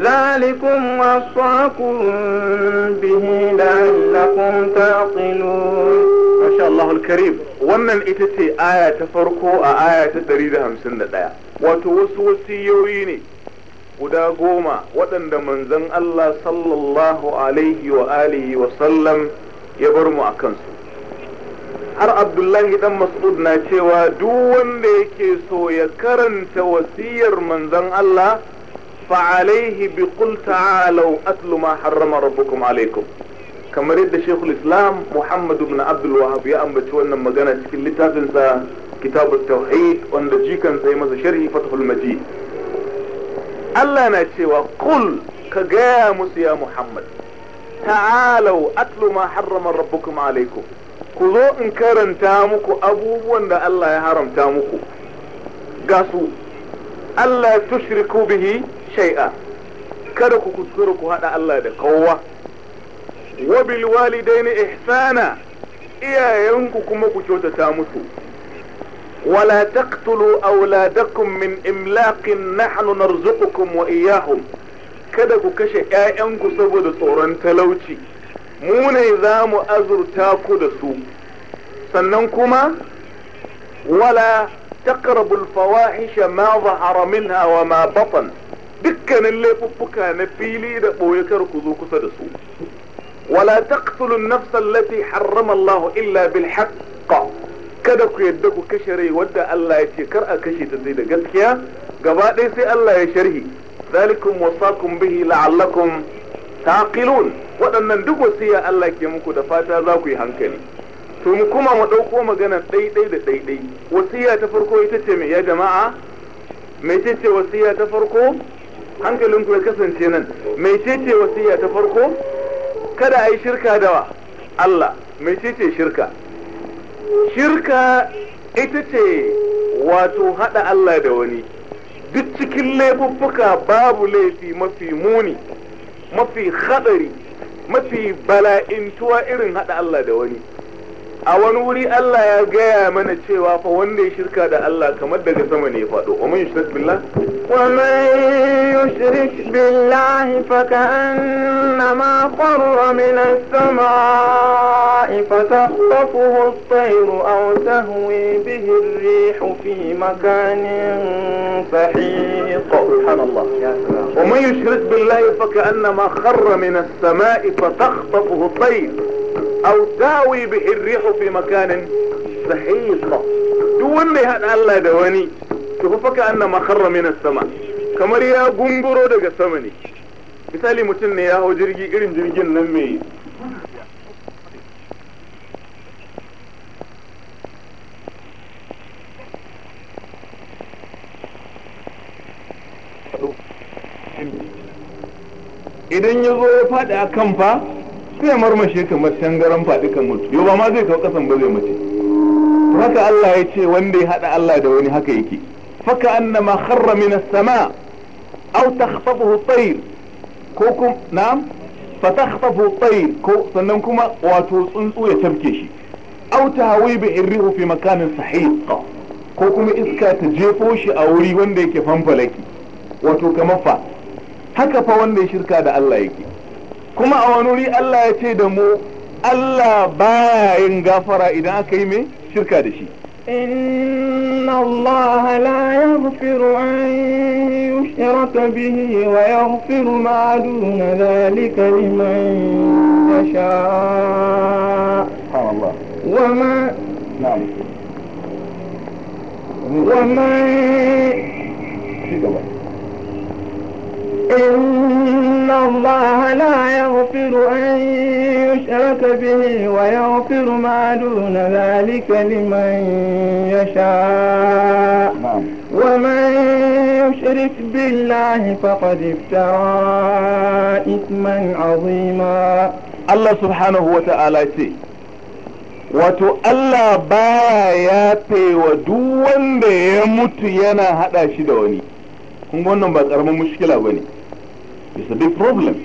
C: ذلكم وصاكم به لعلكم تعقلون ما شاء الله الكريم wannan ita ce aya
A: ta farko a aya ta 151 wato wasu wasiyoyi ne guda goma waɗanda manzon Allah sallallahu alaihi wa alihi wa sallam ya bar mu a kansu har abdullahi dan mas'ud na cewa duk wanda yake so ya karanta wasiyar manzon Allah فعليه بقل تعالوا أتل ما حرم ربكم عليكم kamar yadda shekul islam muhammadu bin abdul wahab ya ambaci wannan magana cikin littafinsa kitabut tauhid wanda jikan sai masa sharhi fathul Allah na cewa kul ka gaya musu ya muhammad ta'alau atlu ma harrama rabbukum alaikum ku zo in karanta muku abubuwan da Allah ya haramta muku gasu. allah Allah ku bihi shay'a kada ku kuskura ku hada Allah da kowa wa bil walidaini ihsana iyayenku kuma ku kyautata musu ولا تقتلوا أولادكم من إملاق نحن wa وإياهم kada ku kashe ‘ya'yanku saboda tsoron talauci, mu ne za mu azurta ku da su, sannan kuma, wala taqrabul fawahisha ma zahara minha wa ma batan dukkanin laifuffuka na fili da ɓoye kar ku zo kusa da su wala taqtulu nafsa allati harrama Allah illa bil haqq kada ku yadda ku kashe rai wadda Allah ya ce kar a kashe ta sai da gaskiya gaba ɗaya sai Allah ya sharhi zalikum wasakum bihi la'allakum taqilun waɗannan duk wasiya Allah ke muku da fata za ku yi hankali to mu kuma mu ɗauko magana ɗaiɗai da ɗaiɗai wasiya ta farko ita ce me ya jama'a me ce wasiya ta farko hankalinku ya kasance nan mai cece wasiya ta farko kada a yi shirka wa Allah mai cece shirka shirka ita ce wato haɗa Allah da wani duk cikin laifuffuka babu laifi mafi muni mafi haɗari mafi bala'intuwa irin haɗa Allah da wani a wani wuri Allah ya gaya mana cewa fa wanda ya shirka da Allah kamar daga sama ne ya faɗo wa man yushrik billah
C: wa man yushrik billahi fa ka'annama qarra min as samaai fa tahtafuhu at-tayru aw tahwi bihi ar-rih fi makanin sahiq subhanallah ya
A: salam wa man yushrik billahi fa ka'annama kharra min as samaai fa tahtafuhu at-tayru au tawi bi irrihu fi makanin sahiqa duk wanda ya haɗa Allah da wani to fa faka anna makharra min sama kamar ya gunguro daga sama ne misali mutum ne ya hau jirgi irin jirgin nan mai idan ya zo ya faɗi a kan fa sai marmashe kamar tangaran faɗi kan mutu yau ba ma zai kawo kasan ba zai mace haka Allah ya ce wanda ya haɗa Allah da wani haka yake faka annama kharra min as-sama au takhtafuhu at ko kum na'am fa takhtafuhu ko sannan kuma wato tsuntsu ya tafke shi auta hawi bi irrihu fi makanin sahiq ko kuma iska ta jefo shi a wuri wanda yake fanfalaki wato kamar fa haka fa wanda ya shirka da Allah yake kuma a wani wuri Allah ya ce da mu Allah baya yin gafara idan aka yi mai shirka da shi
C: inna إن الله لا يغفر أن يشرك به ويغفر ما دون ذلك لمن يشاء سبحان الله وما نعم ومن إن الله لا يغفر أن يشرك به ويغفر ما دون ذلك لمن يشاء نعم. ومن يشرك بالله فقد افترى إثما عظيما الله سبحانه وتعالى يقول wato Allah baya yafe wa
A: duk wanda ya mutu yana hada shi da wani kun wannan ba karamin mushkila bane it's a big problem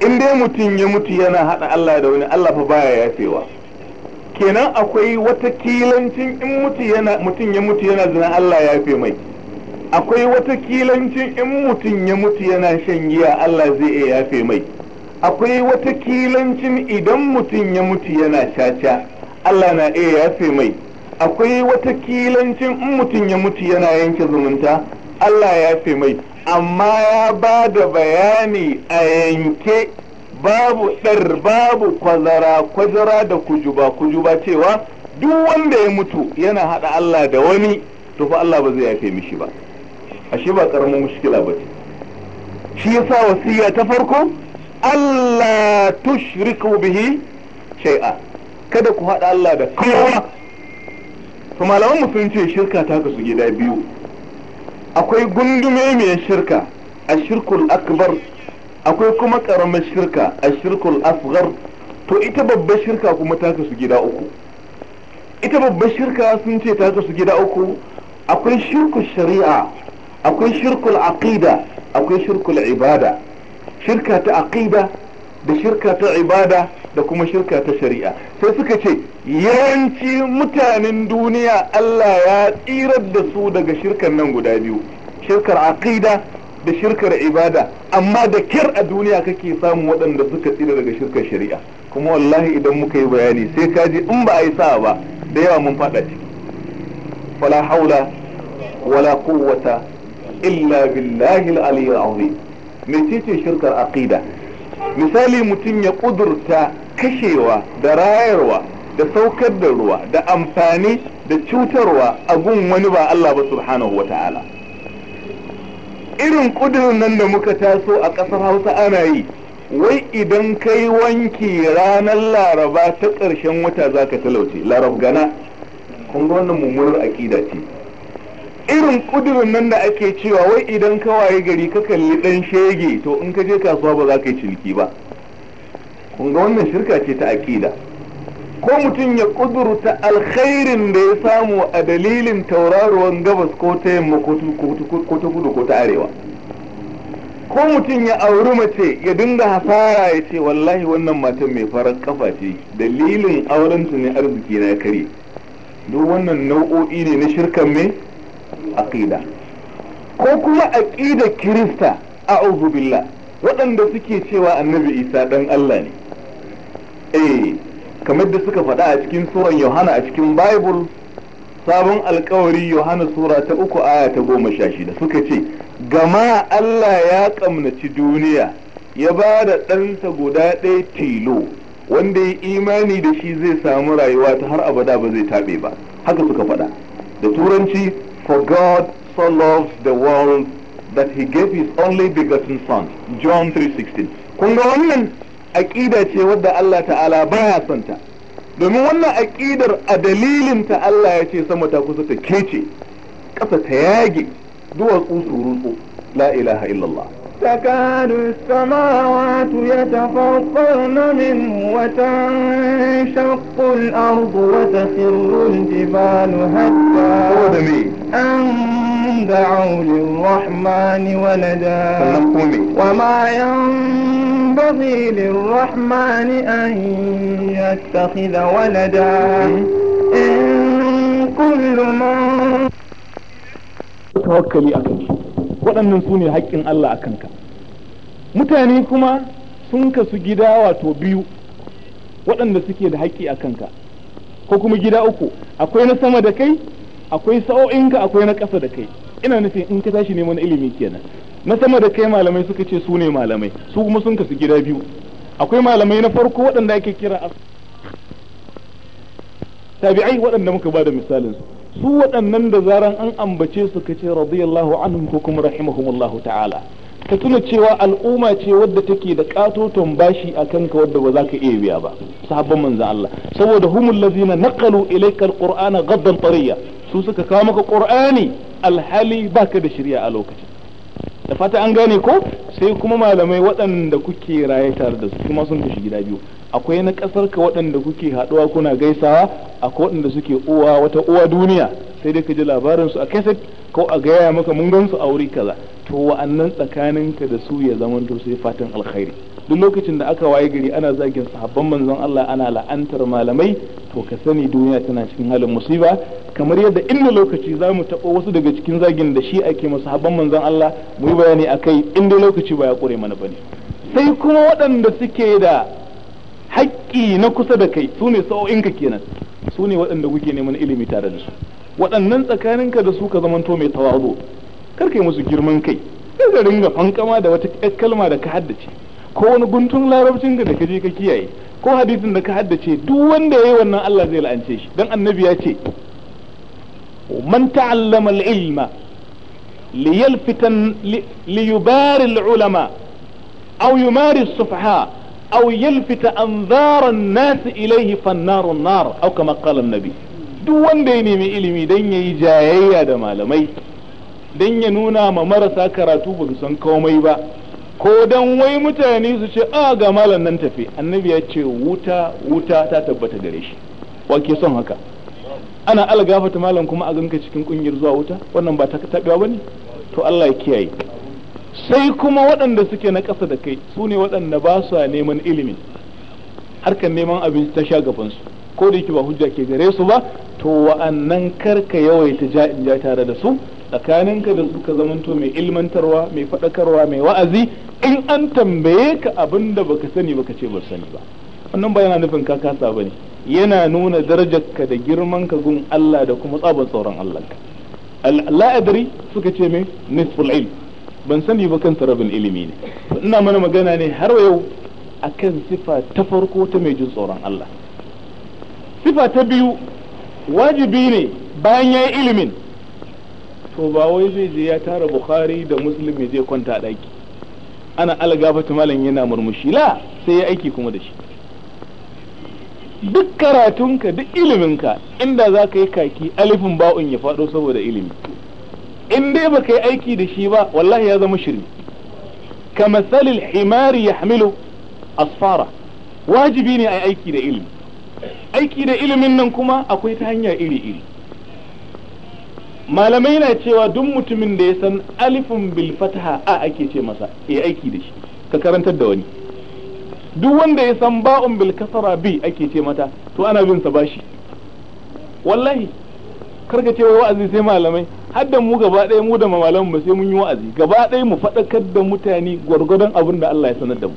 A: in dai mutum ya mutu yana hada Allah da wani Allah fa baya yafewa kenan akwai wata kilancin in mutu yana mutum ya mutu yana zina Allah ya yafe mai akwai wata kilancin in mutum ya mutu yana shan giya Allah zai iya yafe mai akwai wata kilancin idan mutum ya mutu yana caca Allah na iya yafe mai akwai wata kilancin in mutum ya mutu yana yanke zumunta Allah ya fi mai amma ya ba da bayani a yanke babu ɗar babu kwazara kwazara da kujuba kujuba cewa duk wanda ya mutu yana haɗa Allah da wani to fa Allah ba zai yafe mishi ba shi ba ƙaramin mushkila ba shi yasa wasiya ta farko Allah tushriku bihi shay'a kada ku haɗa Allah da kowa to malaman musulunci shirka ta kasu gida biyu akwai gundume shirka a shirkul akbar akwai kuma karamar shirka a shirkul asgar to ita babbar shirka kuma ta kasu gida uku ita babbar shirka sun ce ta kasu gida uku akwai shirkul shari'a akwai shirkul aqida akwai shirkul ibada shirka ta aqida da shirka ta ibada da kuma shirka ta shari'a sai suka ce yawanci mutanen duniya Allah ya tsirar da su daga shirkan nan guda biyu shirkar aqida da shirkar ibada amma da kyar a duniya kake samu waɗanda suka tsira daga shirkar shari'a kuma wallahi idan muka yi bayani sai ka ji in ba a yi sa'a ba da yawa mun faɗa ciki wala haula wala quwwata illa billahi al-aliyyil azim shirkar aqida misali mutum ya ƙudurta kashewa da rayarwa da saukar da ruwa da amfani da cutarwa a gun wani ba Allah ba subhanahu wa ta'ala irin kudurin nan da muka taso a ƙasar hausa ana yi wai idan kai wanki ranar laraba ta ƙarshen wata zaka talauce larabgana gana kun wannan mummunar aƙida ce irin kudirin nan da ake cewa wai idan ka waye gari ka kalli dan shege to in ka je kasuwa ba za ka yi ciniki ba kun ga wannan shirka ce ta aƙida ko mutum ya kudurta alkhairin da ya samu a dalilin tauraruwan gabas ko ta yamma ko ta kudu ko ta arewa ko mutum ya auri mace ya dinga hasara ya ce wallahi wannan matan mai farar kafa ce dalilin aurenta ne arziki na kare duk wannan nau'o'i ne na shirkan mai aqida ko kuma aqida kirista a'udhu billah waɗanda suke cewa annabi isa dan Allah ne eh kamar da suka faɗa a cikin suran yohana a cikin bible sabon alkawari yohana sura ta uku aya ta goma sha shida suka ce gama allah ya kamnaci duniya ya ba da ɗansa guda ɗaya tilo wanda ya imani da shi zai samu rayuwa ta har abada ba zai taɓe ba haka suka faɗa da turanci For God so loved the world that he gave his only begotten son. John 3:16. Kun ga wannan aƙida ce wadda Allah ta'ala baya son ta. Domin wannan aƙidar a dalilin ta Allah ya ce sama ta kusa ta kece, ƙasa ta yage, duwatsu su rutsu. La ilaha illallah.
C: تكاد السماوات يتفطرن منه وتنشق الأرض وتخر الجبال هدا أن دعوا للرحمن ولدا وما ينبغي للرحمن أن يتخذ ولدا إن كل
A: من توكلي أكل waɗannan su ne haƙƙin Allah a kanka mutane kuma sun kasu gida wato biyu waɗanda suke da haƙƙi a kanka ko kuma gida uku akwai na sama da kai akwai sa'o'inka akwai na ƙasa da kai ina nufin in ka tashi neman ilimi kenan na sama da kai malamai suka ce su ne malamai su kuma sun kasu gida biyu akwai malamai na farko waɗanda ake kira tabi'ai waɗanda muka ba da misalin su su waɗannan da zaran an ambace su ce radiyallahu anhum ko kuma rahimahumullahu ta'ala ka tuna cewa al'umma ce wadda take da katoton bashi a kanka wadda ba za ka iya biya ba sahabban manzo Allah saboda humul ladina naqalu ilayka alqur'ana ghaddan tariya su suka kawo maka qur'ani alhali baka da shari'a a lokacin da fata an gane ko sai kuma malamai waɗanda kuke raye tare da su kuma sun kashi gida biyu akwai na ƙasar ka waɗanda kuke haɗuwa kuna gaisawa akwai waɗanda suke uwa wata uwa duniya sai dai ka ji labarin su a kai ko a gaya maka mun gan su a wuri kaza to wa'annan tsakaninka da su ya zamanto sai fatan alkhairi duk lokacin da aka waye gari ana zagin sahabban manzon Allah ana la'antar malamai to ka sani duniya tana cikin halin musiba kamar yadda inda lokaci za mu taɓa wasu daga cikin zagin da shi ake masu sahabban manzon Allah mu yi bayani kai, inda lokaci ba ya kure mana bane sai kuma waɗanda suke da haƙƙi na kusa da kai su ne sa'o'inka kenan su ne waɗanda kuke neman ilimi tare da su waɗannan tsakaninka da su ka zamanto mai tawazu kar kai musu girman kai sai ka ringa fankama da wata kalma da ka haddace ko wani guntun larabcin da kaje ka kiyaye ko hadisin da ka haddace duk wanda yayi wannan Allah zai la'ance shi dan annabi ya ce man ta'allama al-ilma liyalfitan liyubari al-ulama aw yumari as-sufaha aw yalfita anzara an-nas ilayhi fan-naru an-nar aw kama qala an-nabi duk wanda ya nemi ilimi dan yayi jayayya da malamai dan ya nuna ma marasa karatu ba san komai ba ko don wai mutane su ce a ah, ga malam nan tafi annabi ya ce wuta wuta ta tabbata gare shi wake son haka ana algafata malam kuma a ganka cikin kungiyar zuwa wuta wannan ba ta tabewa ne? to Allah ya kiyaye sai kuma waɗanda suke na ƙasa da kai su ne waɗanda ba su neman ilimi harkar neman abinci ta sha gaban su. ko da yake ba hujja ke gare su ba to wa'annan karka yawaita ja ja tare da su tsakaninka da suka zamanto mai ilmantarwa mai faɗakarwa mai wa'azi in an tambaye ka abin da baka sani baka ce ba sani ba wannan ba yana nufin ka kasa bane yana nuna darajarka da girman ka gun Allah da kuma tsaban tsoron Allah ka la'adari suka ce mai nisful ilm ban sani ba kan rabin ilimi ne ina mana magana ne har yau akan sifa ta farko ta mai jin tsoron Allah sifa ta biyu wajibi ne bayan ya ilimin to ba wai zai je ya tara bukhari da muslim ya je kwanta a daki ana algafata malam yana murmushi la sai ya aiki kuma da shi duk karatunka duk iliminka inda za ka yi kaki alifin ba'un ya faɗo saboda ilimi in dai ba ka yi aiki da shi ba wallahi ya zama shirme ka masalil himari ya hamilu asfara wajibi ne a aiki da ilimi aiki da ilimin nan kuma akwai ta hanya iri-iri malamai na cewa duk mutumin da ya san alifin bil fataha a ake ce masa ya eh, aiki da shi ka karantar da wani duk wanda ya san ba'un bil kasara bi ake ce mata to ana bin sa bashi wallahi karka ce wa'azi sai malamai haddan mu gaba ɗaya mu da malamai ba sai mun yi wa'azi gaba ɗaya mu faɗakar da mutane gwargwadon abin da Allah ya sanar da mu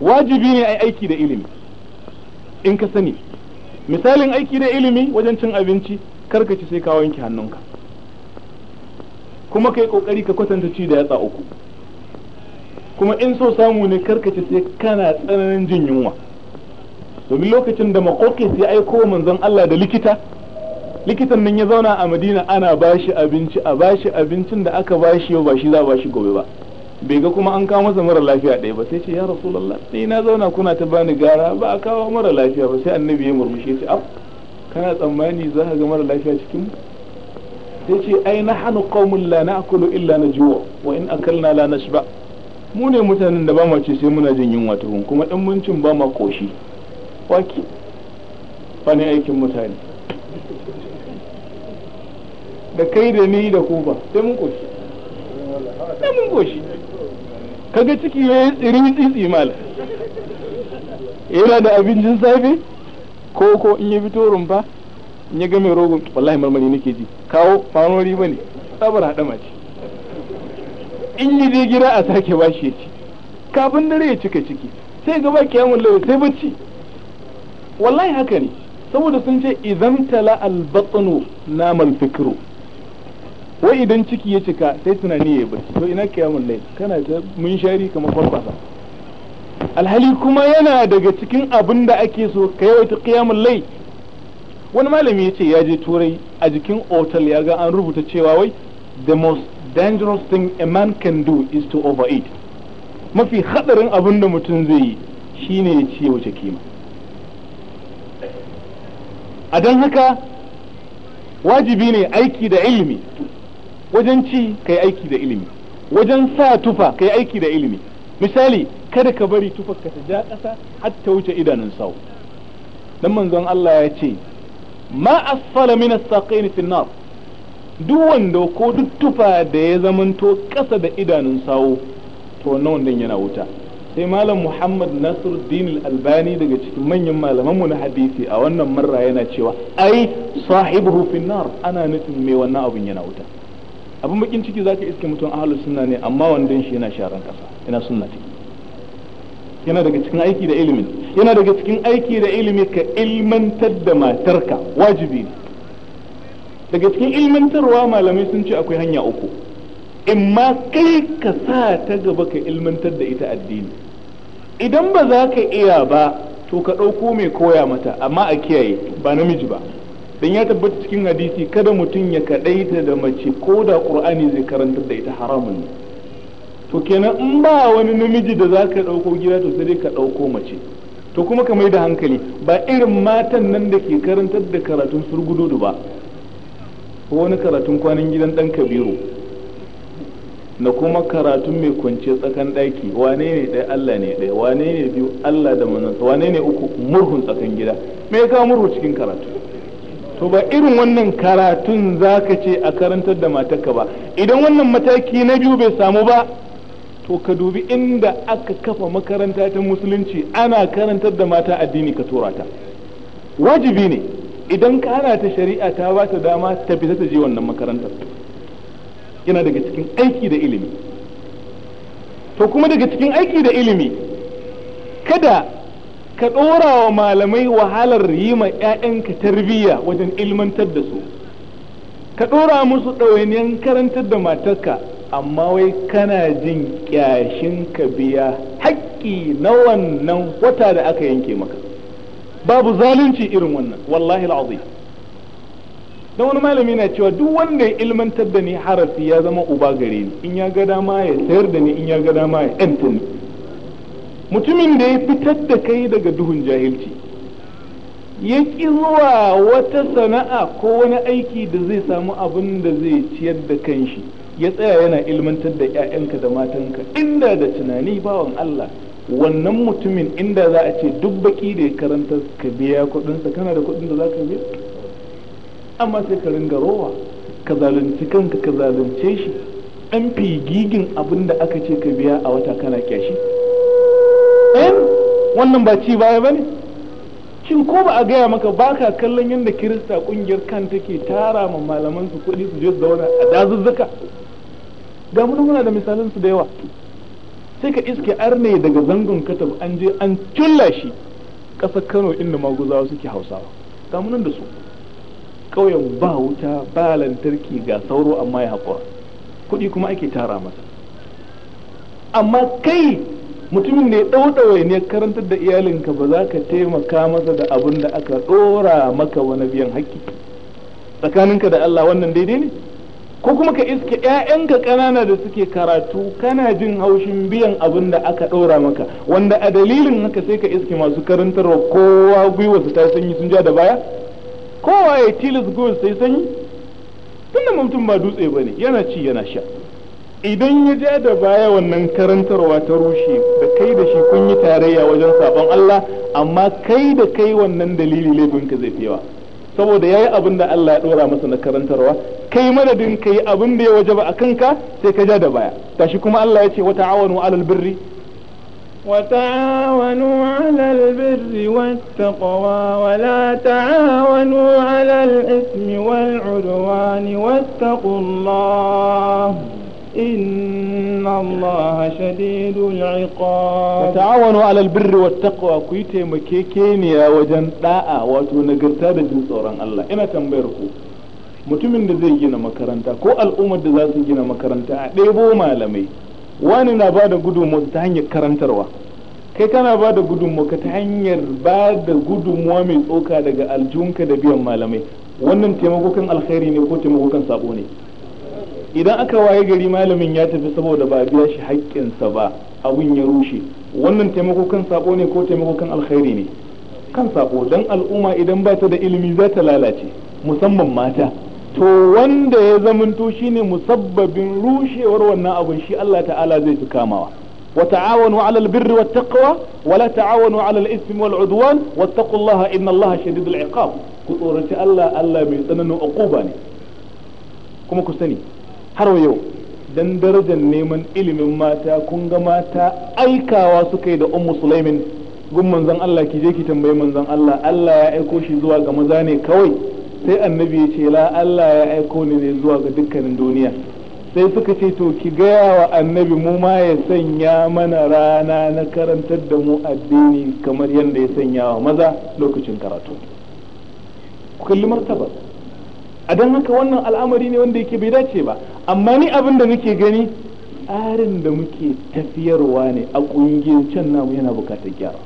A: wajibi ne ai aiki da ilimi in ka sani misalin aiki da ilimi wajen cin abinci karka ci sai ka wanke hannunka kuma kai kokari ka kwatanta ci da yatsa uku kuma in so samu ne karka ci sai kana tsananin jin yunwa domin lokacin da makoki sai aiko manzon Allah da likita likitan nan ya zauna a Madina ana bashi abinci a bashi abincin da aka bashi yau ba za ba gobe ba bai ga kuma an kawo masa mara lafiya ɗaya ba sai ce ya rasulullah sai na zauna kuna ta bani gara ba a kawo mara lafiya ba sai annabi ya murmushi ya ce kana tsammani za ka ga mara lafiya cikin sai ce ai na hannu qaumun la na'kulu illa najwa wa in akalna la nashba mu ne mutanen da ba ma ce sai muna jin yunwa hun kuma dan muncin ba ma koshi waki ne aikin mutane da kai da ni da ku ba sai mun koshi sai mun koshi kaga ciki yayi tsiri tsitsi mal yana da abincin safe ko ko in ya fito rumfa in ya game rogon wallahi marmari nake ji kawo fanori ne. tsabar hadama mace in yi je gida a sake bashi ya ci kafin dare ya cika ciki sai gaba kiyamun lau sai bacci wallahi haka ne saboda sun ce idan tala albatsano na malfikiro wai idan ciki ya cika sai tunani ya bacci to ina kiyamun lau kana ta mun shari kamar farfasa alhali kuma yana daga cikin abin da ake so ka yawaita kiyamun lai wani malami ce ya je turai a jikin otal ya ga an rubuta cewa wai the most dangerous thing a man can do is to overeat mafi hadarin abin da mutum zai yi shine ya ci wace kima a don haka wajibi ne aiki da ilimi wajen ci kai aiki da ilimi wajen sa tufa kai aiki da ilimi misali kada ka bari tufa ta ja ƙasa har ta wuce idanun sau dan manzon Allah ya ce ma asfala min as-saqin fi nar duk wanda ko duk tufa da ya zamanto ƙasa da idanun sawo to wannan yana wuta sai malam Muhammad Nasruddin Al-Albani daga cikin manyan malaman mu na hadisi a wannan marra yana cewa ai sahibuhu fi nar ana nufin mai wannan abun yana wuta abin bakin ciki za ka iske mutum ahalus sunna ne amma wandan shi yana sharan kasa yana sunna yana daga cikin aiki da ilimi yana daga cikin aiki da ilimi ka ilmantar da matarka wajibi ne daga cikin ilmantarwa malamai sun ce akwai hanya uku imma kai ka sa ta gaba ka ilmantar da ita addini idan ba za ka iya ba to ka ɗauko mai koya mata amma a kiyaye ba namiji ba dan ya tabbata cikin hadisi kada mutum ya kadaita da mace ko da qur'ani zai karantar da ita haramun ne to kenan in ba wani namiji da zaka dauko gida to sai dai ka dauko mace to kuma ka mai da hankali ba irin matan nan da ke karantar da karatun surgududu ba ko wani karatun kwanan gidan dan kabiru na kuma karatun mai kwance tsakan daki wane ne ɗaya Allah ne ɗaya wane ne biyu Allah da manzansa wane ne uku murhun tsakan gida me ya kawo murhu cikin karatu to ba irin wannan karatun za ka ce a karantar da matarka ba idan wannan mataki na biyu bai samu ba to ka dubi inda aka kafa makaranta ta musulunci ana karantar da mata addini ka tura ta wajibi ne idan ka ta shari'a ta ba ta dama ta fita ta je wannan makarantar yana daga cikin aiki da ilimi to kuma daga cikin aiki da ilimi kada ka ɗora wa malamai wahalar yi ma 'ya'yanka tarbiyya wajen ilmantar da su ka ɗora musu ɗawainiyar karantar da matarka amma wai kana jin ƙyashin ka biya haƙƙi na wannan wata da aka yanke maka babu zalunci irin wannan wallahi al'azim dan wani malami na cewa duk wanda ya ilmantar da ni harafi ya zama uba gare ni in ya ga dama ya sayar da ni in ya ga dama ya ni mutumin da ya fitar da kai daga duhun jahilci ya ƙi zuwa wata sana'a ko wani aiki da zai samu abin da zai ciyar da kanshi ya tsaya yana ilmantar da 'ya'yanka da matanka inda da tunani bawan Allah wannan mutumin inda za a ce duk baki da ya karanta ka biya kuɗinsa kana da kuɗin da za ka biya amma sai ka ringa rowa ka zalunci kanka ka zalunce shi ɗan gigin abin da aka ce ka biya a wata kana kyashi eh wannan ba ci baya bane shin ko ba a gaya maka baka kallon yadda kirista ƙungiyar kan take tara ma malaman su kuɗi su je su zauna a dazuzzuka ga mun muna da misalan su da yawa sai ka iske arne daga zangon katab an je an culla shi ƙasar Kano inda maguzawa suke Hausawa ga mun da su ƙauyen ba wuta ba lantarki ga sauro amma ya haƙura kuɗi kuma ake tara masa amma kai mutumin ne ɗauɗawai ne karantar da iyalinka ba za ka taimaka masa da abin da aka ɗora maka wani biyan haƙƙi tsakaninka da Allah wannan daidai ne ko kuma ka iske ‘ya'yanka ƙanana da suke karatu kana jin haushin biyan abin da aka ɗora maka wanda a dalilin haka sai ka iske masu karantarwa kowa gwiwa su ta sanyi sun ja da baya kowa ya tilas gwiwa sai sanyi tunda mutum ba dutse ba ne yana ci yana sha idan ya ja da baya wannan karantarwa ta rushe da kai da shi kun yi tarayya wajen sabon Allah amma kai da kai wannan dalili laifinka zai fi saboda yayi abin da Allah ya dora masa na karantarwa kai madadin kai abin da ya waje ba a kanka sai ka ja da baya tashi kuma Allah ya ce wa
C: ta'awanu alal birri wa ta'awanu alal birri wattaqwa wa la ta'awanu alal ismi wal udwani wattaqullah إن الله شديد العقاب فتعاونوا على البر
A: والتقوى كويتي
C: مكيكينيا
A: وجن داء واتو نغرتا دا جن tsoron Allah ina tambayar ku mutumin da zai gina makaranta ko al'ummar da za su gina makaranta a ɗebo malamai wani na ba da gudunmuwa ta hanyar karantarwa kai kana ba da gudunmuwa ta hanyar ba da gudunmuwa mai tsoka daga aljunka da biyan malamai wannan taimakokan alkhairi ne ko taimakokan sabo ne idan aka waye gari malamin ya tafi saboda ba biya shi haƙƙinsa ba abun ya rushe wannan taimako kan sako ne ko taimako kan alkhairi ne kan sako dan al'umma idan ba ta da ilimi za ta lalace musamman mata to wanda ya zamanto shine musabbabin rushewar wannan abun shi Allah ta'ala zai fi kamawa وتعاونوا على البر والتقوى ولا تعاونوا على inna والعدوان واتقوا الله ku tsoraci allah allah mai tsananin الله ne kuma ku sani. har wa yau dan darajar neman ilimin mata kun ga mata aikawa suka yi da ummu sulaimin gun manzon Allah ki je ki tambaye manzon Allah Allah ya aiko shi zuwa ga maza ne kawai sai annabi ya ce la Allah ya aiko ni ne zuwa ga dukkanin duniya sai suka ce to ki gaya wa annabi mu ma ya sanya mana rana na karantar da mu addini kamar yadda ya sanya wa maza lokacin karatu kulli martaba a don haka wannan al'amari ne wanda yake bai dace ba amma ni abin da muke gani tsarin da muke tafiyarwa ne a ƙungiyar can namu yana bukatar gyara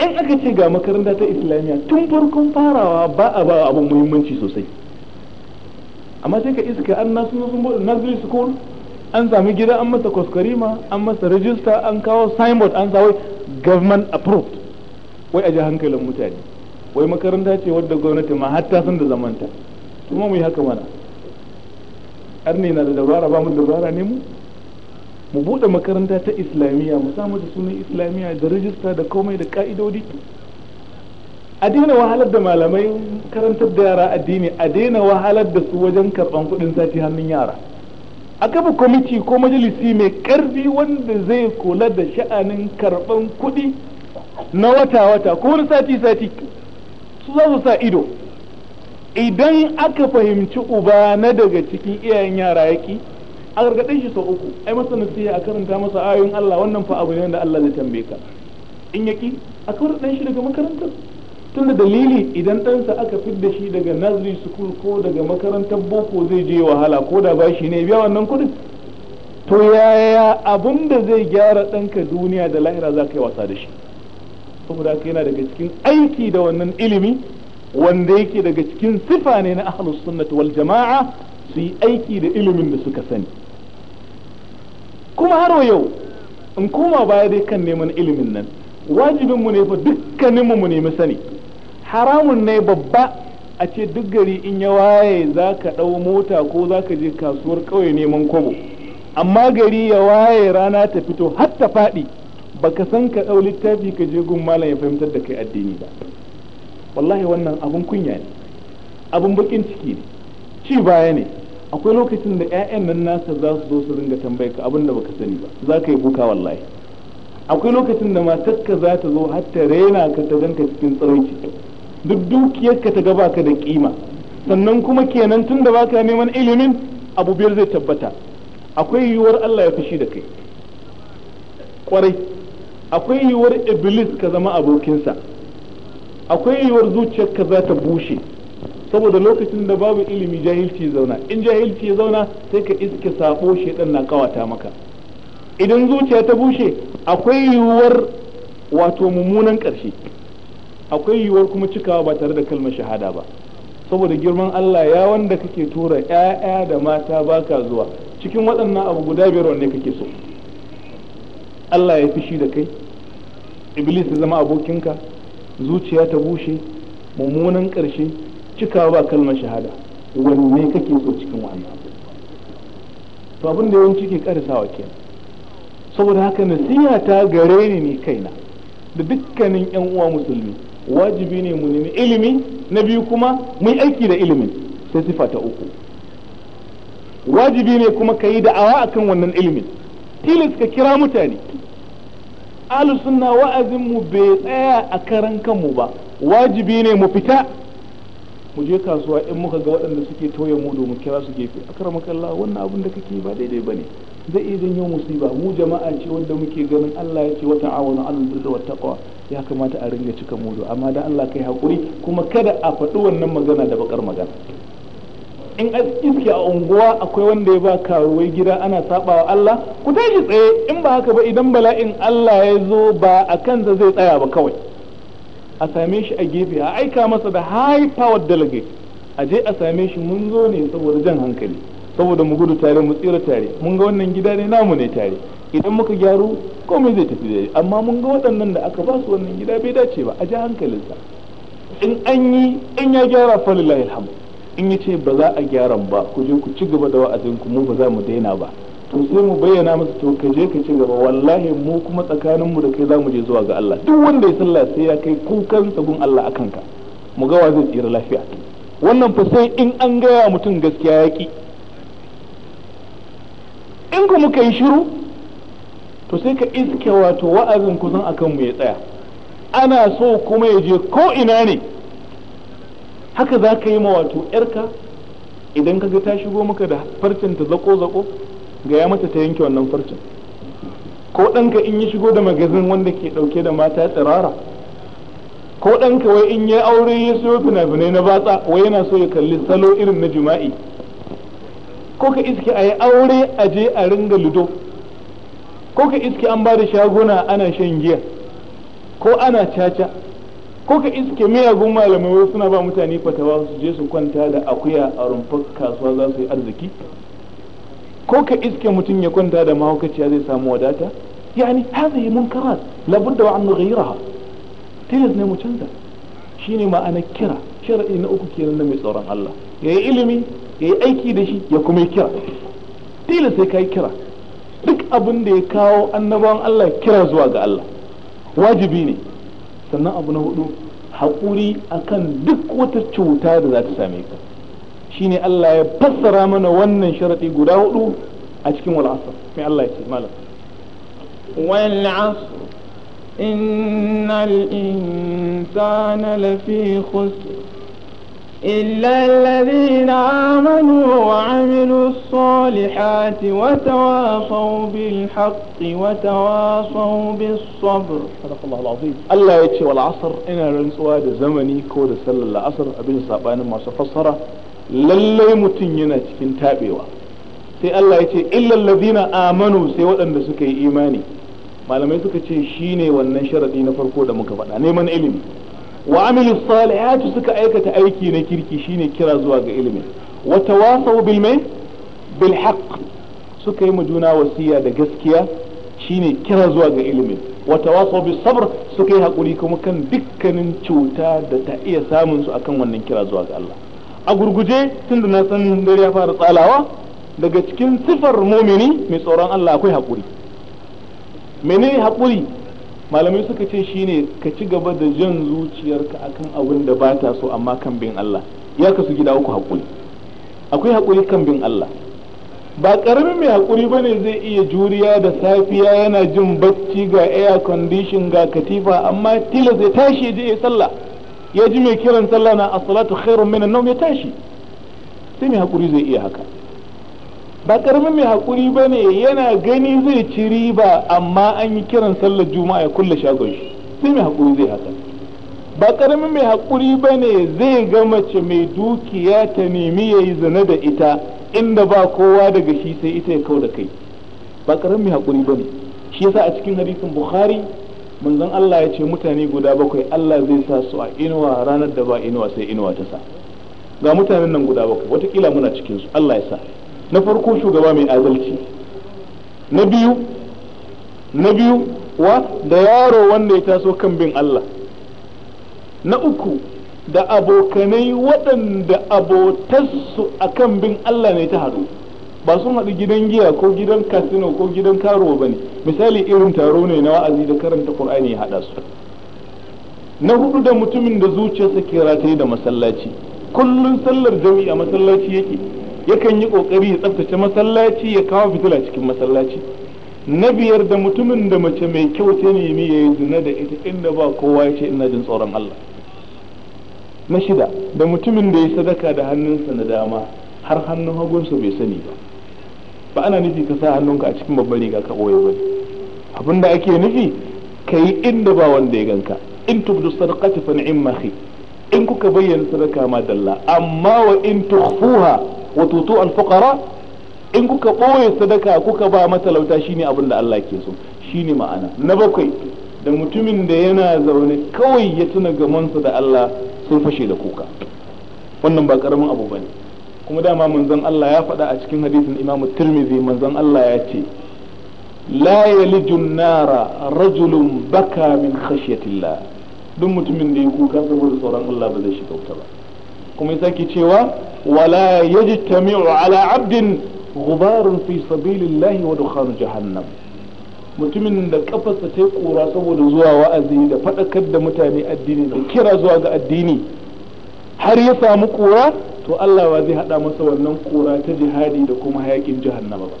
A: in aka ce ga makaranta ta islamiyya tun farkon farawa ba a ba abin muhimmanci sosai amma sai ka iska an nasu sun bude nursery school an sami gida an masa kwaskwarima an masa rajista an kawo signboard an sawai government approved wai a ji hankalin mutane wai makaranta ce wadda gwamnati ma hatta sun da zamanta kuma mu yi haka mana arni na da dabara ba mu da dabara ne mu mu bude makaranta ta islamiyya mu samu da sunan islamiyya da rajista da komai da ka'idodi a daina wahalar da malamai karantar da yara addini a daina wahalar da su wajen karban kuɗin sati hannun yara a kafa kwamiti ko majalisi mai karfi wanda zai kula da sha'anin karban kuɗi na wata-wata ko wani sati-sati su za su sa ido idan aka fahimci uba na daga cikin iyayen yara yaki a gargaɗin shi sau uku ai masa nasiha a karanta masa ayoyin Allah wannan fa abu ne da Allah zai tambaye ka in yaki a karanta shi daga makarantar tun da dalili idan ɗansa aka fidda shi daga nursery school ko daga makarantar boko zai je wahala ko da ba shi ne biya wannan kuɗin to yaya abin da zai gyara ɗanka duniya da lahira za ka yi wasa da shi saboda haka yana daga cikin aiki da wannan ilimi wanda yake daga cikin sifa ne na ahlus sunnah wal jama'a su yi aiki da ilimin da suka sani kuma har yau in koma baya dai kan neman ilimin nan wajibin mu ne fa dukkanin mu nemi sani haramun ne babba a ce duk gari in ya waye zaka ka ɗau mota ko zaka je kasuwar ƙauye neman kobo amma gari ya waye rana ta fito har ta faɗi baka san ka ɗau littafi ka je gun malam ya fahimtar da kai addini ba wallahi wannan abun kunya ne abun bakin ciki ne ci baya ne akwai lokacin da 'ya'yan nan nasa za su zo su ringa tambaye ka abin da baka sani ba za ka yi kuka wallahi akwai lokacin da matarka za ta zo har ta rena ka ta ganka cikin tsarauci duk dukiyarka ta ga baka da kima sannan kuma kenan tun da baka neman ilimin abu biyar zai tabbata akwai yiwuwar Allah ya fushi da kai kwarai akwai yiwuwar iblis ka zama abokinsa akwai yiwuwar zuciyar ka za ta bushe saboda lokacin da babu ilimi jahilci zauna in jahilci ya zauna sai ka iske sabo shedan na kawata maka idan zuciya ta bushe akwai yiwuwar wato mummunan karshe akwai yiwuwar kuma cikawa ba tare da kalmar shahada ba saboda girman Allah ya wanda kake tura ƴaƴa da mata baka zuwa cikin waɗannan abu guda biyar wanne kake so Allah ya fi shi da kai iblis ya zama abokinka zuciya ta bushe mummunan ƙarshe cikawa ba kalmar shahada wanne kake so cikin wannan to abin da yawanci ke karisawa kenan saboda haka nasiha ta gare ni ne kaina da dukkanin yan uwa musulmi wajibi ne mu nemi ilimi na biyu kuma mu yi aiki da ilimin sai sifa ta uku wajibi ne kuma ka yi da'awa akan wannan ilimin tilas ka kira mutane alusunna sunna wa'azin mu bai tsaya a karan kanmu ba wajibi ne mu fita mu je kasuwa in muka ga waɗanda suke toye mu domin kira su gefe a karan makalla wannan abin da kake ba daidai ba ne zai iya janyo musiba mu jama'a ce wanda muke ganin Allah ya ce wata awana alal birri wa taqwa ya kamata a ringa cika mudu amma dan Allah kai hakuri kuma kada a faɗi wannan magana da baƙar magana in iske a unguwa akwai wanda ya ba karuwai gida ana sabawa Allah ku tashi tsaye in ba haka ba idan bala'in Allah ya zo ba a kansa zai tsaya ba kawai a same shi a gefe a aika masa da high power delegate a je a same shi mun zo ne saboda jan hankali saboda mu gudu tare mu tsira tare mun ga wannan gida ne namu ne tare idan muka gyaru komai zai tafi da amma mun ga waɗannan da aka ba su wannan gida bai dace ba a ji hankalinsa in an yi in ya gyara falilahi alhamdu in ya ce ba za a gyaran ba ku je ku ci gaba da wa'azin ku mu ba za mu daina ba to sai mu bayyana masa to ka je ka ci gaba wallahi mu kuma tsakanin mu da kai za mu je zuwa ga Allah duk wanda ya sallah sai ya kai kukan tsagun Allah akan ka mu ga wa zai tsira lafiya wannan fa sai in an gaya mutum gaskiya ya ki in ku muka yi shiru to sai ka iske wato wa'azin kusan akan mu ya tsaya ana so kuma ya je ko ina ne haka za ka yi ma wato yarka idan ka ga ta shigo maka da farcin ta zako zako ga ya mata ta yanke wannan farcin ko ɗanka in ya shigo da magazin wanda ke ɗauke da mata tsirara ko ɗanka wai in ya aure ya siyo fina-finai na batsa wai yana so ya kalli salo irin na jima'i ko ka iske a yi aure a je a ringa lido ko ka iske an ba da shaguna ana shan giya ko ana caca ko ka iske miyagun malamai wasu suna ba mutane fatawa su je su kwanta da akuya a rumfar kasuwa za su yi arziki ko ka iske mutum ya kwanta da mahaukaciya zai samu wadata yani hadhihi munkarat labudda wa yi nughayiraha tilas ne mu canza shine ma'ana kira shar'i na uku kenan na mai tsoron Allah yayi ilimi yayi aiki da shi ya kuma yi kira tilas sai yi kira duk abin da ya kawo annabawan Allah kira zuwa ga Allah wajibi ne sannan abu na hudu haƙuri akan duk wata cuta da za ta same ka shine Allah ya fassara mana wannan sharadi guda hudu a cikin wal asr mai Allah ya ce malam
C: wal asr innal insana lafi khusr إلا الذين آمنوا وعملوا الصالحات وتواصوا بالحق وتواصوا بالصبر صدق الله العظيم الله يتشي
A: والعصر إنا رنسوا هذا زمني كود سل العصر أبن سابان ما سفصر للي متنينا تكين تابيوا سي الله يتشي إلا الذين آمنوا سي وأن بسكي إيماني ما لم ce شيني والنشر الدين na مكفأنا نيمان إلمي wa amilu salihatu suka aikata aiki na kirki shine kira zuwa ga ilimi wa tawasaw bil mai bil haqq suka yi mu juna wasiya da gaskiya shine kira zuwa ga ilimi wa tawasaw bis sabr suka yi hakuri kuma kan dukkanin cuta da ta iya samun su akan wannan kira zuwa ga Allah a gurguje tunda na san dare ya fara tsalawa daga cikin sifar mumini mai tsoron Allah akwai hakuri menene hakuri malamai suka ce shine ka ci gaba da jan zuciyarka akan abin da ba ta so amma kan bin Allah ya kasu gida uku haƙuri akwai haƙuri kan bin Allah ba ƙaramin mai haƙuri bane zai iya juriya da safiya yana jin bacci ga air condition ga katifa amma tila zai tashi je ya sallah ya ji mai kiran salla na as-salatu khairun minan nawm ya tashi sai mai haƙuri zai iya haka ba karamin mai hakuri ba ne yana gani zai ci riba amma an yi kiran sallar juma'a ya kulle shagon shi sai mai hakuri zai haka ba karamin mai hakuri ba ne zai ga mace mai dukiya ta nemi ya yi zina da ita inda ba kowa daga shi sai ita ya kau da kai ba karamin mai hakuri ba ne shi yasa a cikin hadisin bukhari manzon Allah ya ce mutane guda bakwai Allah zai sa su a inuwa ranar da ba inuwa sai inuwa ta sa ga mutanen nan guda bakwai watakila muna cikin su Allah ya sa na farko shugaba mai adalci na biyu na biyu wa da yaro wanda ya taso kan bin Allah na uku da abokanai waɗanda abotarsu a kan bin Allah ne ta haɗu ba sun haɗu gidan giya ko gidan kasino ko gidan karo ba ne misali irin taro ne na wa'azi da karanta ƙur'ani ya haɗa su na hudu da mutumin da zuciyarsa ke rataye da masallaci kullum sallar jami'a masallaci yake yakan yi kokari ya tsaftace masallaci ya kawo fitila cikin masallaci na biyar da mutumin da mace mai kyau ta nemi ya yi zina da ita inda ba kowa ya ce ina jin tsoron Allah na shida da mutumin da ya sadaka da hannunsa na dama har hannun hagunsa bai sani ba ba ana nufi ka sa hannunka a cikin babbar riga ka boye ba abin da ake nufi ka yi inda ba wanda ya ganka in tubdu sadaqati fa ni'ma in kuka bayyana sadaka ma dalla amma wa in tukhfuha watutu an in kuka ɓoye sadaka kuka ba matalauta shine abin da Allah ke so shine ma'ana na bakwai da mutumin da yana zaune kawai ya tuna gamansa da Allah sun fashe da kuka wannan ba karamin abu bane kuma dama manzon Allah ya faɗa a cikin hadisin Imam Tirmidhi manzon Allah ya ce la yaliju nara rajulun baka min khashyatillah duk mutumin da ya kuka saboda tsoron Allah ba zai shiga wuta ba kuma ya cewa wala yajtami'u ala abdin ghubarun fi sabilillahi wa dukhanu jahannam mutumin da kafarsa ta kura saboda zuwa wa'azi da faɗakar da mutane addini da kira zuwa ga addini har ya samu kura to Allah ba zai haɗa masa wannan kura ta jihadi da kuma hayakin jahannama ba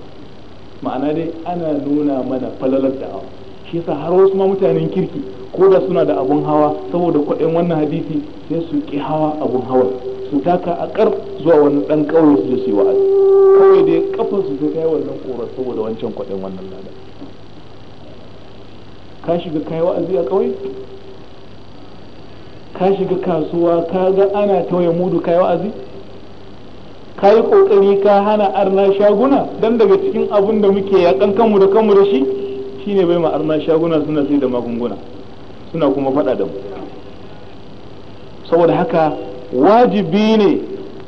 A: ma'ana dai ana nuna mana falalar da'awa shi yasa har wasu ma mutanen kirki ko da suna da abun hawa saboda kuɗin wannan hadisi sai su ki hawa abun hawa su taka a ƙar zuwa wani ɗan ƙauye su je su yi wa'azi kawai dai kafar su sai kai wannan ƙorar saboda wancan kuɗin wannan lada ka shiga kai wa'azi a ƙauye ka shiga kasuwa ka ga ana tauye mudu kai wa'azi ka yi ƙoƙari ka hana arna shaguna dan daga cikin abun da muke yaƙan kanmu da kanmu da shi shine bai ma arna shaguna suna sai da magunguna suna kuma faɗa da mu saboda haka wajibi ne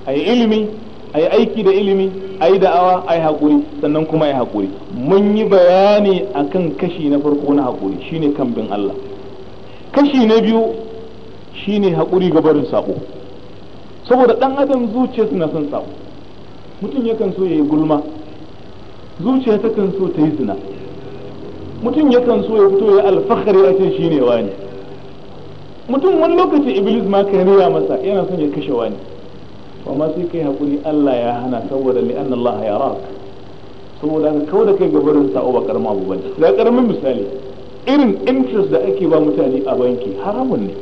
A: a yi ilimi a yi aiki da ilimi a yi da'awa a yi haƙuri sannan kuma a yi haƙuri mun yi bayani a kan kashi na farko na haƙuri shi ne kan bin Allah kashi na biyu shi ne haƙuri ga barin saƙo saboda ɗan adam zuciya suna son saƙo mutum yakan so ya yi gulma zuciya takan so ta yi zina mutum yakan so ya fito ya alfahari a ce shine wani mutum wani lokaci iblis ma kan riya masa yana son ya kashe wani to amma sai kai hakuri Allah ya hana saboda li anna Allah ya rak saboda ka kawo da kai gabarin sa'o ba karamin abu bane da karamin misali irin interest da ake ba mutane a banki haramun ne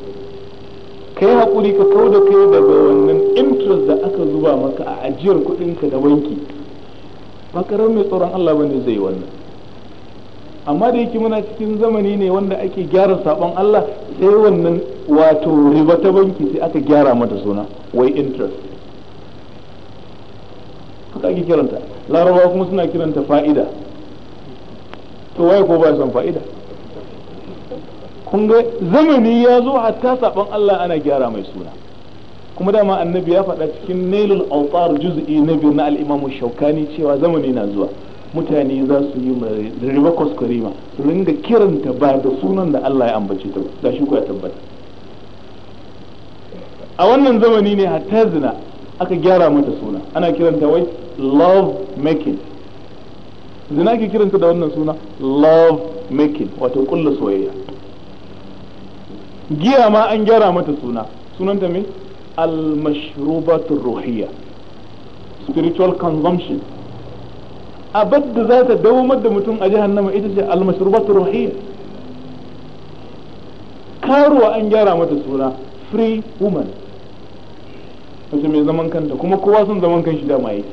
A: kai hakuri ka kawo da kai daga wannan interest da aka zuba maka a ajiyar kuɗinka da banki ba karamin tsoron Allah bane zai wannan amma da yake muna cikin zamani ne wanda ake gyara sabon Allah sai wannan wato riba ta banki sai aka gyara mata suna wai interest haka ake kiranta larabawa kuma suna kiranta fa'ida to waye ko ba son fa'ida kun ga zamani ya zo hatta sabon Allah ana gyara mai suna kuma dama annabi ya faɗa cikin nailul autar juz'i na biyu na al-imamu shaukani cewa zamani na zuwa mutane za su yi riba kwaskwarima su ringa kiranta ba da sunan da Allah ya ambace ta ba shi ku ya tabbata a wannan zamani ne hatta zina aka gyara mata suna ana kiranta wai love making zina ke kiranta da wannan suna love making wato kulla soyayya giya ma an gyara mata suna sunanta me al-mashrubatu ruhiyya spiritual consumption abin da za ta dawamar da mutum a jihar jahannama ita ce almashrubatu ruhiyya karuwa an gyara mata suna free woman mace mai zaman kanta kuma kowa sun zaman kan shi dama yake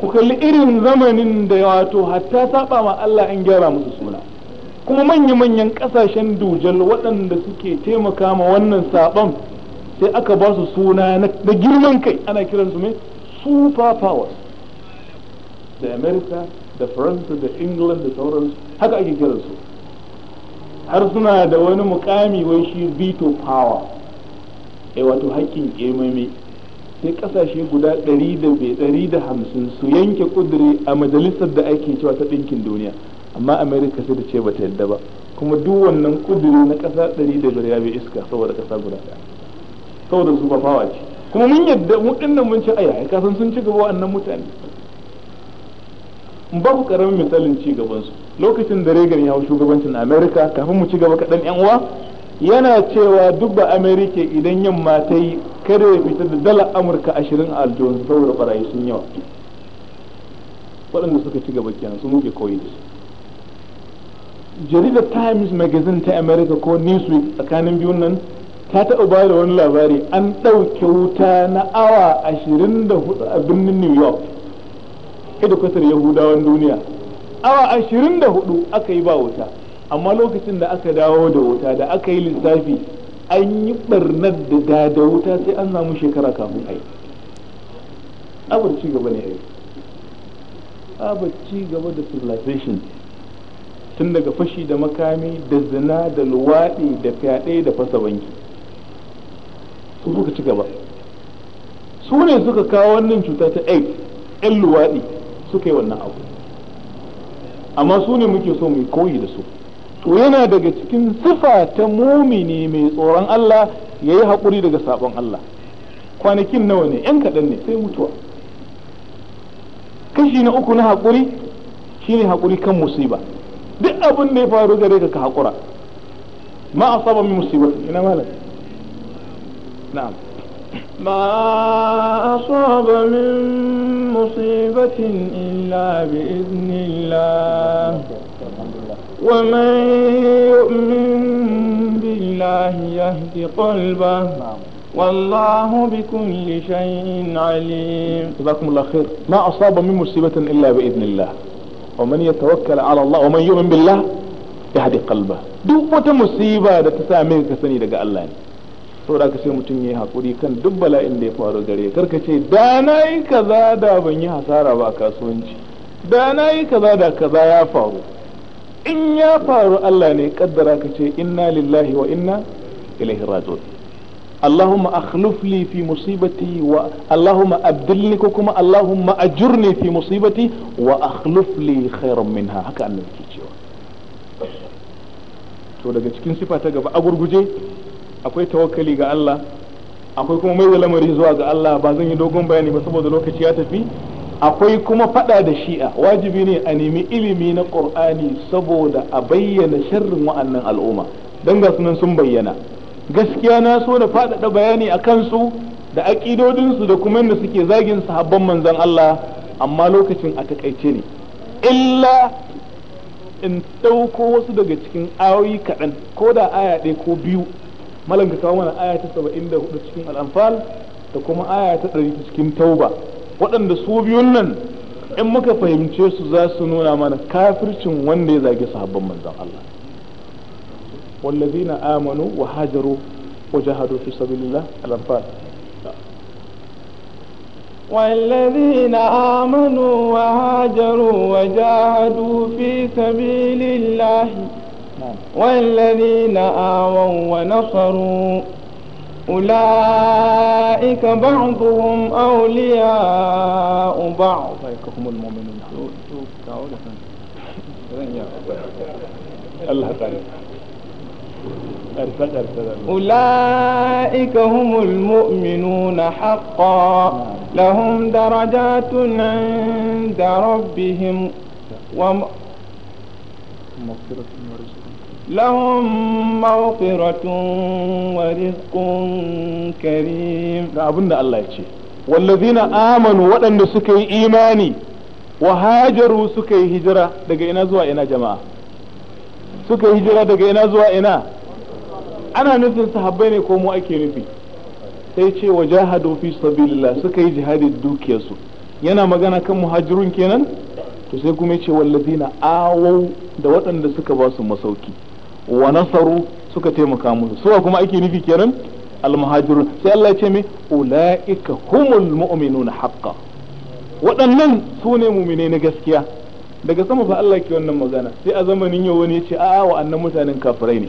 A: ku kalli irin zamanin da wato hatta saba ma Allah an gyara musu suna kuma manya-manyan kasashen dujal waɗanda suke taimaka ma wannan saban sai aka ba su suna na girman kai ana kiransu mai super powers da america da faransa da england da sauransu haka ake kiransu har suna da wani mukami wai shi veto power eh wato hakkin kemame sai kasashe guda ɗari da bai ɗari da hamsin su yanke kuduri a majalisar da ake cewa ta ɗinkin duniya amma america sai da ce ba ta yadda ba kuma duk wannan kuduri na ƙasa ɗari da biyar ya bi iska saboda ƙasa guda ɗaya saboda su ba fawa ce kuma mun yadda mu nan mun ce aya ka sun ci gaba wannan mutane ku karamin misalin ci gaban su lokacin da Reagan ya hau shugabancin America kafin mu ci gaba kaɗan yan uwa yana cewa duk ba America idan yamma ta yi kada ya fita da dala Amurka ashirin a aljihun saboda barayi sun yawa waɗanda suka ci gaba kenan sun muke koyi da su jaridar Times magazine ta America ko Newsweek tsakanin biyun nan ta taɓa ba da wani labari an ɗauke wuta na awa ashirin da hudu a birnin New York da kusur yahudawan duniya awa ashirin da hudu aka yi ba wuta amma lokacin da aka dawo da wuta da aka yi lissafi an yi barnar da da wuta sai an samu shekara kafin ai abin ci gaba ne ai abin ci gaba da civilization tun daga fashi da makami da zina da luwaɗi da fyaɗe da fasa banki su suka ci gaba su ne suka kawo wannan cuta ta aids 'yan luwaɗi suka yi wannan abu amma su ne muke so mu koyi da su to yana daga cikin sifa ta mumini mai tsoron Allah ya yi haƙuri daga sabon Allah kwanakin nawa ne yan kaɗan ne sai mutuwa kashi na uku na haƙuri shine haƙuri kan musiba duk abin da ya faru gare ka ka haƙura ma asaba min musibatin ina malam na'am ما
C: أصاب من مصيبة إلا بإذن الله ومن يؤمن بالله يهد قلبه والله بكل شيء عليم
A: جزاكم الله خير ما أصاب من مصيبة إلا بإذن الله ومن يتوكل على الله ومن يؤمن بالله يهدي قلبه duk مصيبة musiba da ta الله saboda ka sai mutum ya yi haƙuri kan duk bala'in da ya faru gare karka ce da na yi kaza da ban yi hasara ba kasuwanci da na yi kaza da kaza ya faru in ya faru Allah ne kaddara ka ce inna lillahi wa inna ilaihi raji'un Allahumma akhluf li fi musibati wa Allahumma abdilni ko kuma Allahumma ajurni fi musibati wa akhluf li khairan minha haka annabi ke cewa to daga cikin sifa ta gaba a gurguje akwai tawakkali ga Allah akwai kuma mai da lamari zuwa ga Allah ba zan yi dogon bayani ba saboda lokaci ya tafi akwai kuma fada da shi'a wajibi ne a nemi ilimi na qur'ani saboda a bayyana sharrin wa'annan al'umma dan ga sunan sun bayyana gaskiya na so da faɗaɗa bayani a su da aƙidodinsu da kuma yadda suke zagin sahabban manzon Allah amma lokacin a takaice ne illa in dauko wasu daga cikin ayoyi kaɗan ko da aya ɗaya ko biyu malam ka kawo mana aya ta saba'in da 74 cikin al da kuma aya ta 100 cikin tauba waɗanda su biyun nan in muka fahimce su za su nuna mana kafircin wanda ya zage sahabban manzon Allah wallazina amanu wa hajaru wa jahadu fi sabilillah al-anfal
C: والذين آمنوا وهاجروا وجاهدوا في سبيل الله والذين آووا ونصروا أولئك بعضهم أولياء بعض هم المؤمنون الله تعالى أولئك هم المؤمنون حقا لهم درجات عند ربهم ومغفرة لهم مغفرة ورزق كريم da abin da Allah ya ce
A: wallazina amanu waɗanda suka yi imani wa hajaru suka yi hijira daga ina zuwa ina jama'a suka hijira daga ina zuwa ina ana nufin sahabai ne ko mu ake nufi sai cewa wa jahadu fi sabilillah suka yi jihadi dukiyarsu yana magana kan muhajirun kenan to sai kuma yace ce wallazina awau da waɗanda suka basu masauki wa nasaru suka taimaka musu suwa kuma ake nufi kenan almuhajirun sai Allah ya ce mai ulaika humul mu'minuna haqqan waɗannan sune ne mumine na gaskiya daga sama fa Allah ke wannan magana sai a zamanin yau wani ya ce a'a wa'annan mutanen kafirai ne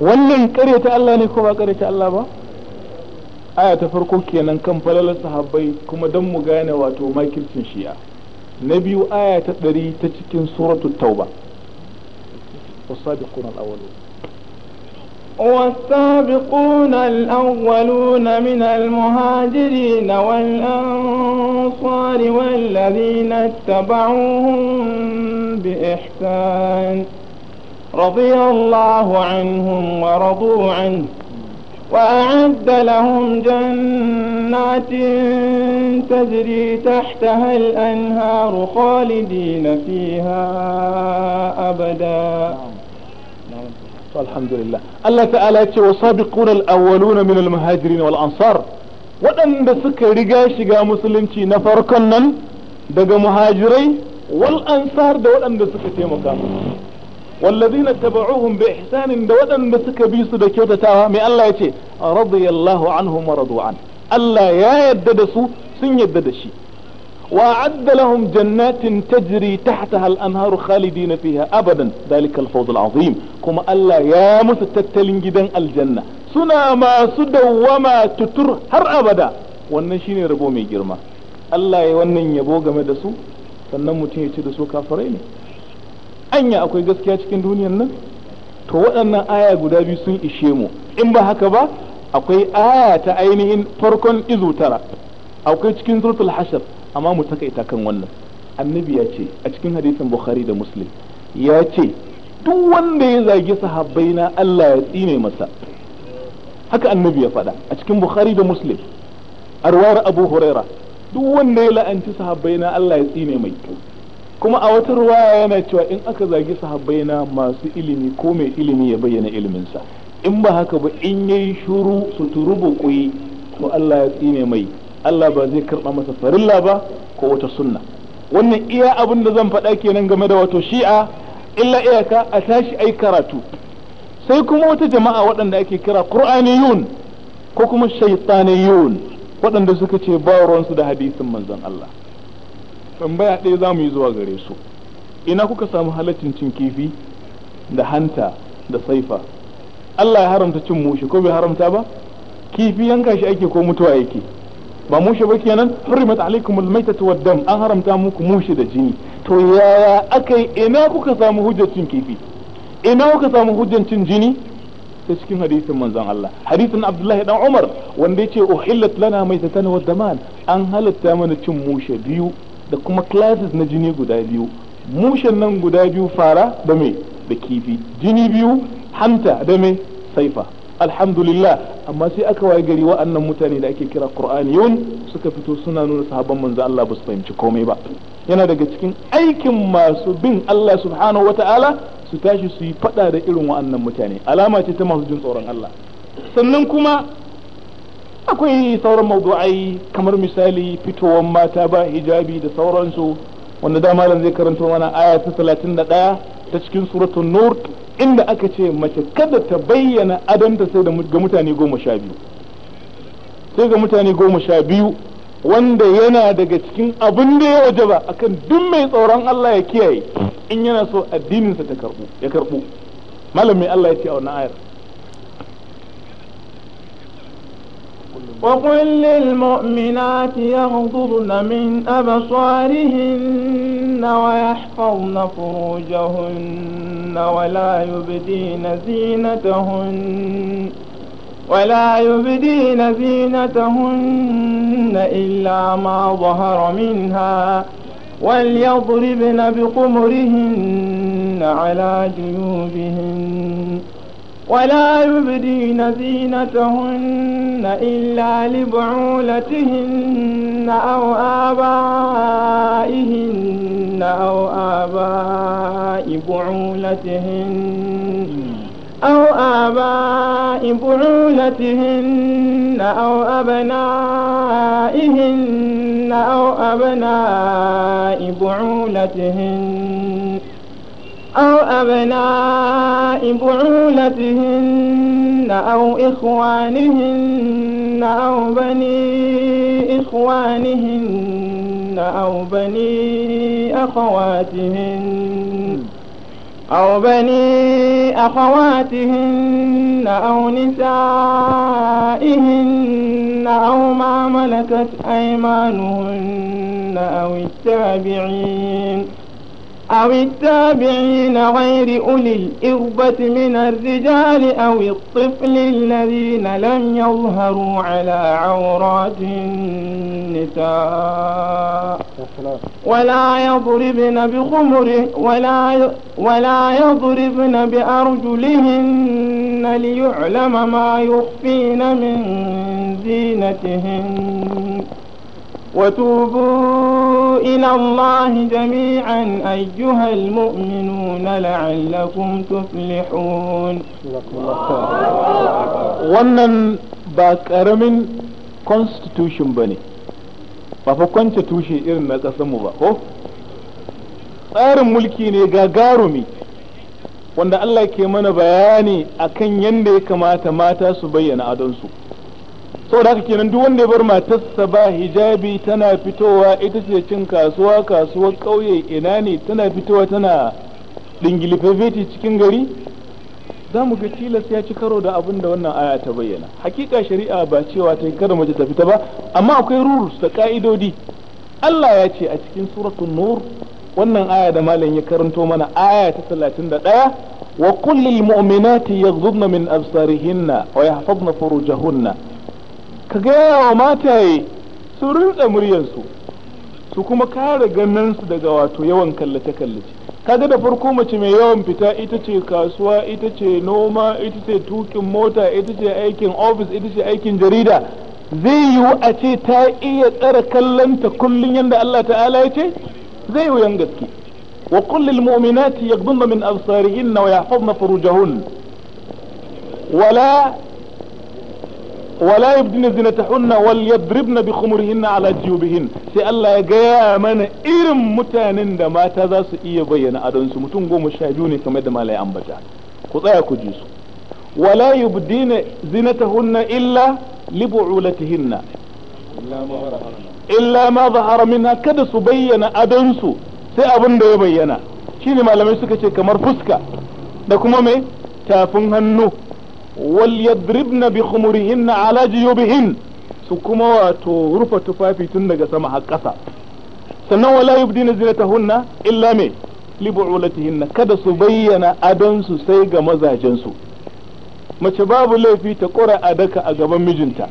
A: wannan ta Allah ne ko ba ta Allah ba aya ta farko kenan kan falalar sahabbai kuma dan mu gane wato makircin shi'a na biyu aya ta ɗari ta cikin suratul tauba والسابقون الأولون
C: والسابقون الأولون من المهاجرين والأنصار والذين اتبعوهم بإحسان رضي الله عنهم ورضوا عنه وأعد لهم جنات تجري تحتها الأنهار خالدين فيها أبداً نعم. to alhamdulillah
A: Allah ta'ala ya ce wa sabiqun al-awwalun min al-muhajirin wal ansar waɗanda suka riga shiga musulunci na farkon nan daga muhajirai wal ansar da waɗanda suka taimaka musu والذين تبعوهم بإحسان دودا بسك بيسو دا كيوتا تاوا مي الله يتي رضي الله عنهم ورضوا عنه الله يا يددسو سن يددشي وأعد لهم جنات تجري تحتها الأنهار خالدين فيها أبدا ذلك الفوز العظيم كما ألا يا متتتلين جدا الجنة سنا ما سدوا وما تتر هر أبدا wannan shine rabo mai girma Allah ya wannan yabo game da su sannan mutum ya ci da su kafirai ne anya akwai gaskiya cikin duniyar nan to waɗannan aya guda biyu sun ishe mu in ba haka ba akwai aya ta ainihin farkon izu tara akwai cikin zurtul hashar amma mu takaita kan wannan annabi ya ce a cikin hadisin bukhari da muslim ya ce duk wanda ya zagi sahabbai na Allah ya tsine masa haka annabi ya faɗa a cikin bukhari da muslim arwar abu huraira duk wanda ya la'anci sahabbai na Allah ya tsine mai kuma a wata ruwaya yana cewa in aka zagi sahabbai na masu ilimi ko mai ilimi ya bayyana iliminsa in ba haka ba in yayi shuru su turubu kuyi to Allah ya tsine mai Allah ba zai karɓa masa farilla ba ko wata sunna wannan iya abin da zan faɗa kenan game da wato shi'a illa iyaka a tashi ai karatu sai kuma wata jama'a waɗanda ake kira qur'aniyun ko kuma shaytaniyun waɗanda suka ce ba ruwansu da hadisin manzon Allah tambaya ɗaya za mu yi zuwa gare su ina kuka samu halaccin cin kifi da hanta da saifa Allah ya haramta cin mushi ko bai haramta ba kifi yanka shi ake ko mutuwa yake ba mushe ba kenan hurrimat alaikum almaitatu waddam an haramta muku mushe da jini to yaya akai ina kuka samu hujjacin kifi ina kuka samu cin jini ta cikin hadisin manzon Allah hadisin Abdullahi dan Umar wanda yace uhillat lana maitatan wa daman an halatta mana cin mushe biyu da kuma classes na jini guda biyu mushen nan guda biyu fara da me da kifi jini biyu hanta da me saifa alhamdulillah amma sai aka waye gari wa'annan mutane da ake kira qur'aniyun suka fito suna nuna sahabban manzo Allah ba su fahimci komai ba yana daga cikin aikin masu bin Allah subhanahu wata'ala su tashi su yi fada da irin wa'annan mutane alama ce ta masu jin tsoron Allah sannan kuma akwai sauran mawdu'ai kamar misali fitowar mata ba hijabi da sauransu wanda da malam zai karanto mana aya ta 31 ta cikin suratul nur inda aka ce mace kada ta bayyana adanta sai ga mutane goma sha biyu sai ga mutane goma sha biyu wanda yana daga cikin abin da ya waje ba akan duk mai tsoron Allah ya kiyaye in yana so addininsa ta karbu ya karbu malamin Allah ya ce a wannan ayar
C: وقل للمؤمنات يغضضن من أبصارهن ويحفظن فروجهن ولا يبدين زينتهن ولا يبدين زينتهن إلا ما ظهر منها وليضربن بقمرهن على جيوبهن ولا يبدين زينتهن إلا لبعولتهن أو آبائهن أو آباء بعولتهن أو آباء بعولتهن أو أبنائهن أو أبناء بعولتهن أو أبناء بعولتهن أو إخوانهن أو بني إخوانهن أو بني أخواتهن أو بني أخواتهن أو نسائهن أو ما ملكت أيمانهن أو التابعين أو التابعين غير أولي الإربة من الرجال أو الطفل الذين لم يظهروا على عورات النساء ولا يضربن بخمر ولا ولا يضربن بأرجلهن ليعلم ما يخفين من زينتهن وتوبوا إلى الله جميعا أيها المؤمنون لعلكم تفلحون wannan ba ƙaramin
A: constitution ba ne ba fa constitution irin na ƙasarmu ba ko tsarin mulki ne gagarumi wanda Allah ke mana bayani akan yadda ya kamata mata su bayyana adonsu saboda haka kenan duk wanda ya bar matarsa ba hijabi tana fitowa ita ce cin kasuwa kasuwar ƙauye ina ne tana fitowa tana dingilifafeti cikin gari za mu ga tilas ya ci karo da abin da wannan aya ta bayyana hakika shari'a ba cewa ta kada mace ta fita ba amma akwai rules da ka'idodi Allah ya ce a cikin suratul nur wannan aya da malam ya karanto mana aya ta talatin da ɗaya wa kulli mu'minati yaghdhubna min absarihinna wa yahfazna furujahunna ka gaya wa mataye su rinsa muryarsu su kuma kare ganansu daga wato yawan kallace kallace kaga da farko mace mai yawan fita ita ce kasuwa ita ce noma ita ce tukin mota ita ce aikin ofis ita ce aikin jarida zai yiwu a ce ta iya tsara kallonta kullum yadda Allah ta'ala ya ce zai wuyan gaske wa kullil mu'minati yaghdhunna min absarihinna wa yahfazna furujahun wala wala yubdina zinatahunna wal yadribna bi khumurihinna ala jubihin sai Allah ya gaya mana irin mutanen da mata za su iya bayyana adon su mutum goma sha biyu ne kamar da malai ambata ku tsaya ku ji su wala yubdina zinatahunna illa li bu'ulatihinna illa ma zahara minha kada su bayyana adon su sai abin da ya bayyana shine malamai suka ce kamar fuska da kuma mai tafin hannu wal yadribna bi khumurihinna ala jiyubihin su kuma wato rufa tufafi tun daga sama har ƙasa sannan wala yubdina zinatahunna illa me li bu'ulatihinna kada su bayyana adon su sai ga mazajen su mace babu laifi ta kora adaka a gaban mijinta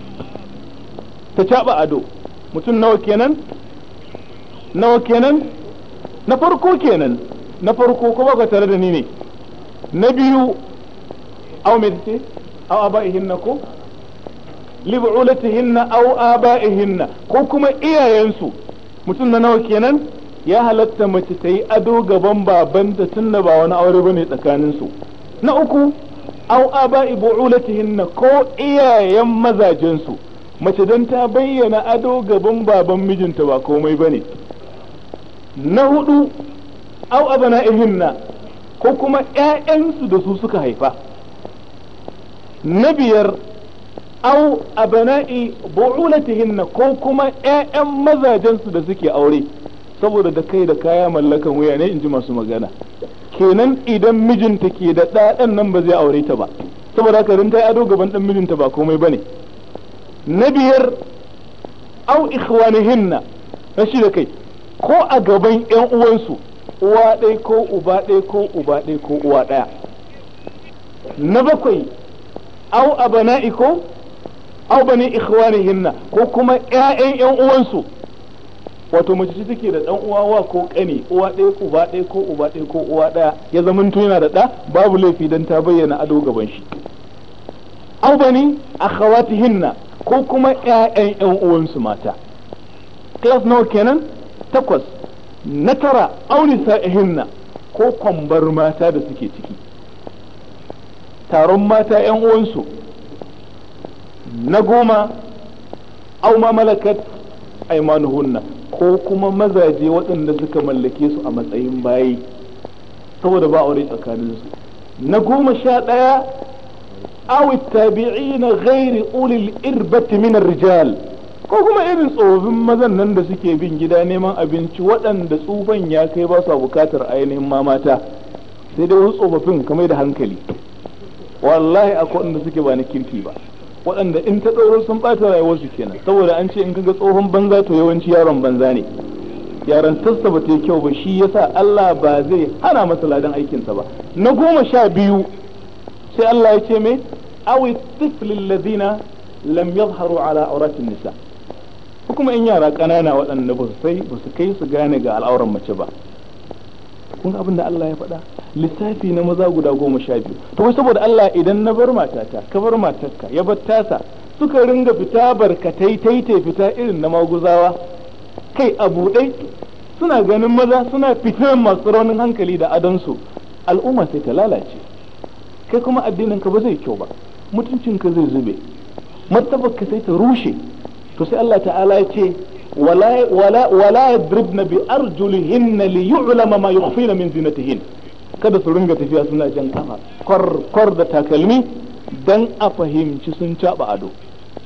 A: ta caɓa ado mutum nawa kenan nawa kenan na farko kenan na farko kuma ga tare da ni ne na biyu aw mithli aw aba'ihinna ko lib'ulatihinna aw aba'ihinna ko kuma iyayensu mutum na nawa kenan ya halatta mace ta yi ado gaban babanta tunda ba wani aure bane tsakanin na uku aw aba'i bu'ulatihinna ko iyayen mazajensu mace dan ta bayyana ado gaban baban mijinta ba komai bane na hudu aw abana'ihinna ko kuma ƴaƴansu da su suka haifa na biyar au abana'i bu'ulatihinna ko kuma ƴaƴan mazajensu da suke aure saboda da kai da kaya mallakan wuya ne in ji masu magana kenan idan mijinta ke da ɗaɗan nan ba zai aure ta ba saboda haka ta yi ado gaban ɗan mijinta ba komai bane na biyar au na shi da kai ko a gaban ƴan uwansu uwa ɗaya ko uba ɗaya ko uba ɗaya ko uwa ɗaya na bakwai aw abana'ikum aw bani ikhwanihinna ko kuma ƴaƴan ƴan uwansu wato mace ce take da dan uwa wa ko kani uwa ɗaya ko uba ɗaya ko uba ɗaya ko uwa ɗaya ya zamanto yana da ɗa babu laifi dan ta bayyana ado gaban shi aw bani akhawatihinna ko kuma ƴaƴan ƴan uwansu mata class nawa kenan takwas na tara auni hinna ko kwambar mata da suke ciki taron mata 'yan uwansu na goma au ma malakat aimanuhunna ko kuma mazaje waɗanda suka mallake su a matsayin bayi saboda ba aure tsakaninsu na goma sha ɗaya awi tabi'i na gairi ulil irbati min rijal ko kuma irin tsofaffin mazan nan da suke bin gida neman abinci waɗanda tsufan ya kai ba sa bukatar ainihin mamata sai dai wasu tsofaffin kamar da hankali wallahi akwai wanda suke ba na kirki ba waɗanda in ta tsoro sun ɓata rayuwarsu kenan saboda an ce in kaga tsohon banza to yawanci yaron banza ne yaran tasta ba ta yi kyau ba shi yasa Allah ba zai hana masa ladan aikinsa ba na goma sha biyu sai Allah ya ce me awi tiflil ladina lam yadhharu ala auratin nisa kuma in yara ƙanana waɗanda ba su ba su kai su gane ga al'auran mace ba kun abin da Allah ya faɗa lissafi na maza guda goma sha biyu to saboda Allah idan na bar matata ka bar matarka ya bar tasa suka ringa fita barkatai taite fita irin na maguzawa kai a buɗe suna ganin maza suna fitar masu raunin hankali da adansu al'umma sai ta lalace kai kuma addinin ka ba zai kyau ba mutuncin ka zai zube martabar ka sai ta rushe to sai Allah ta'ala ya ce ولا ولا ولا يضربن بارجلهن ليعلم ما يخفين من زينتهن kada su ringa tafiya suna jan kafa kwar da takalmi dan a fahimci sun caba ado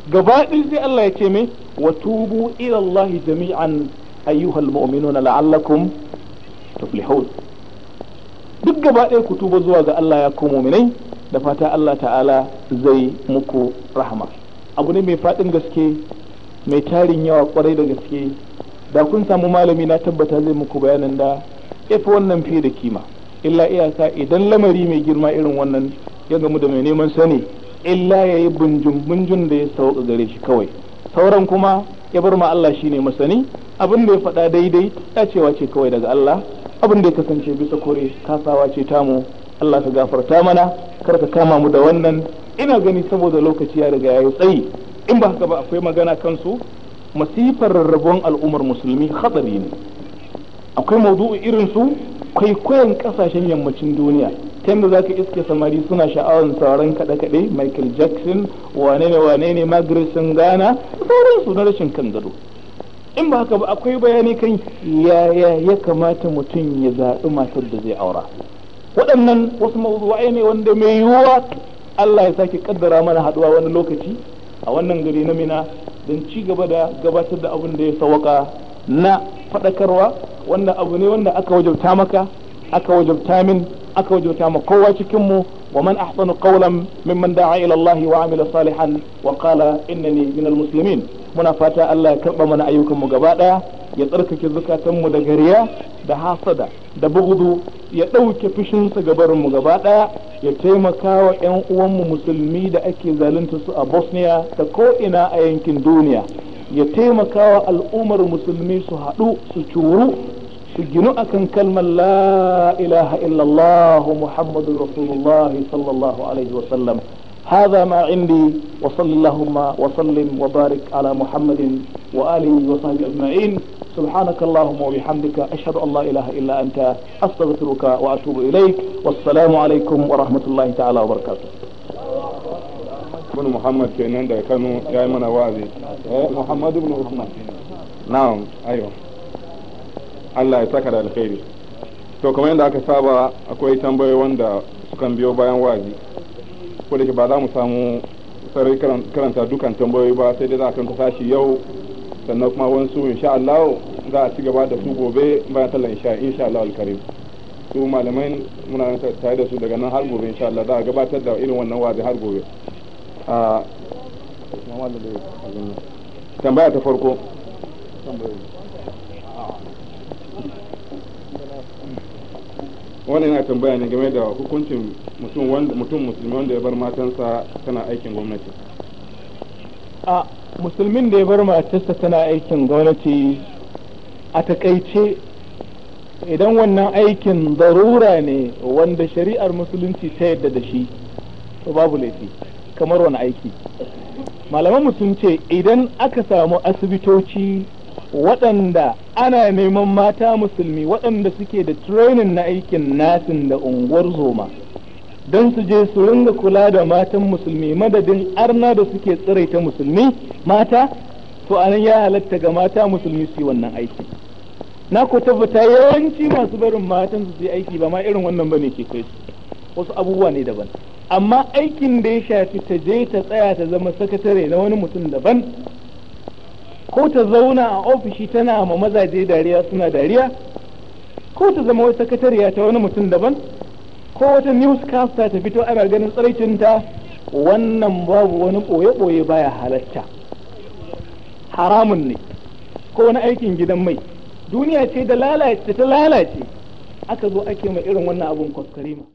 A: gaba sai Allah ya ce me wa tubu ila Allah jami'an ayyuhal mu'minuna la'allakum tuflihun duk gaba ɗaya ku tuba zuwa ga Allah ya ku mu'minai da fata Allah ta'ala zai muku rahama abu ne mai faɗin gaske mai tarin yawa kwarai da gaske da kun samu malami na tabbata zai muku bayanin da yafi wannan fiye da kima illa iyaka idan lamari mai girma irin wannan ya gamu da mai neman sani illa ya yi bunjun bunjun da ya sauka gare shi kawai sauran kuma ya bar ma Allah shi ne masani abin da ya faɗa daidai cewa ce kawai daga Allah abin da ya kasance bisa kore kasawa ce tamu Allah ka gafarta mana kar ka kama mu da wannan ina gani saboda lokaci ya riga ya yi tsayi in ba haka ba akwai magana kansu masifar rarrabuwan al'ummar musulmi hatsari ne akwai maudu'u irin su kwaikwayon kasashen yammacin duniya ta yadda za ka iske samari suna sha'awar sauran kaɗe-kaɗe michael jackson wane ne wane ne magrisin ghana sauransu na rashin kan gado in ba haka ba akwai bayani kan yaya ya kamata mutum ya zaɓi matar da zai aura waɗannan wasu mawdu'ai ne wanda mai yiwuwa Allah ya sake kaddara mana haɗuwa wani lokaci a wannan gari na mina don ci gaba da gabatar da abin da ya sawaka na faɗakarwa wanda abu ne wanda aka wajabta maka aka wajabta min aka wajabta ma kowa cikin mu wa man ahsanu qawlan mimman da'a ila Allah wa amila salihan wa qala innani minal musulmin muna fata Allah ya karba mana ayyukan mu gaba daya ya tsarkake zukatan mu da gariya da hasada da bugudu ya ɗauke fushinsa ga barinmu gaba ɗaya ya taimaka wa 'yan uwanmu musulmi da ake zalunta su a bosnia da ko'ina a yankin duniya ya taimaka wa al'ummar musulmi su haɗu su curu su ginu akan kalmar la ilaha illallah muhammadu rasulullah sallallahu alaihi wasallam هذا ما عندي وصل اللهم وسلم وبارك على محمد وآله وصحبه أجمعين سبحانك اللهم وبحمدك أشهد أن لا إله إلا أنت أستغفرك وأتوب إليك والسلام عليكم ورحمة الله تعالى وبركاته
B: بن محمد كنان ده كانوا دائما وازي محمد بن محمد نعم أيوه Allah ya saka da alkhairi to kamar yadda aka saba akwai tambayoyi wanda sukan biyo bayan wazi ko da ba za mu samu sarari karanta dukan tambayoyi ba sai dai za a kanta sashi yau sannan kuma wansu insha Allah za a ci gaba da su gobe bayan tallan insha insha Allah alkarim su malamai muna tare da su daga nan har gobe insha Allah za a gabatar da irin wannan wazi har gobe a tambaya ta farko wannan yana tambaya ne game da hukuncin mutum musulmi wanda ya bar matansa tana aikin gwamnati
A: musulmin da ya bar matarsa tana aikin gwamnati a takaice idan wannan aikin zarura ne wanda shari'ar musulunci ta yadda da shi to babu laifi kamar wani aiki mu sun ce idan aka samu asibitoci waɗanda ana neman mata musulmi waɗanda suke da training na aikin nasin da unguwar zoma don su je su ringa kula da matan musulmi madadin arna da suke tsiraita musulmi mata to anan ya halatta ga mata musulmi su yi wannan aiki na ko tabbata yawanci masu barin matan su yi aiki ba ma irin wannan bane ke kai su wasu abubuwa ne daban amma aikin da ya shafi ta je ta tsaya ta zama sakatare na wani mutum daban ko ta zauna a ofishi tana ma mazaje dariya suna dariya ko ta zama wai sakatariya ta wani mutum daban ko wata newscaster ta fito ana ganin tsaraicinta wannan babu wani ɓoye-ɓoye baya halatta haramun ne ko wani aikin gidan mai duniya ce da lalace ta lalace aka zo ake mai irin wannan abun kwaskare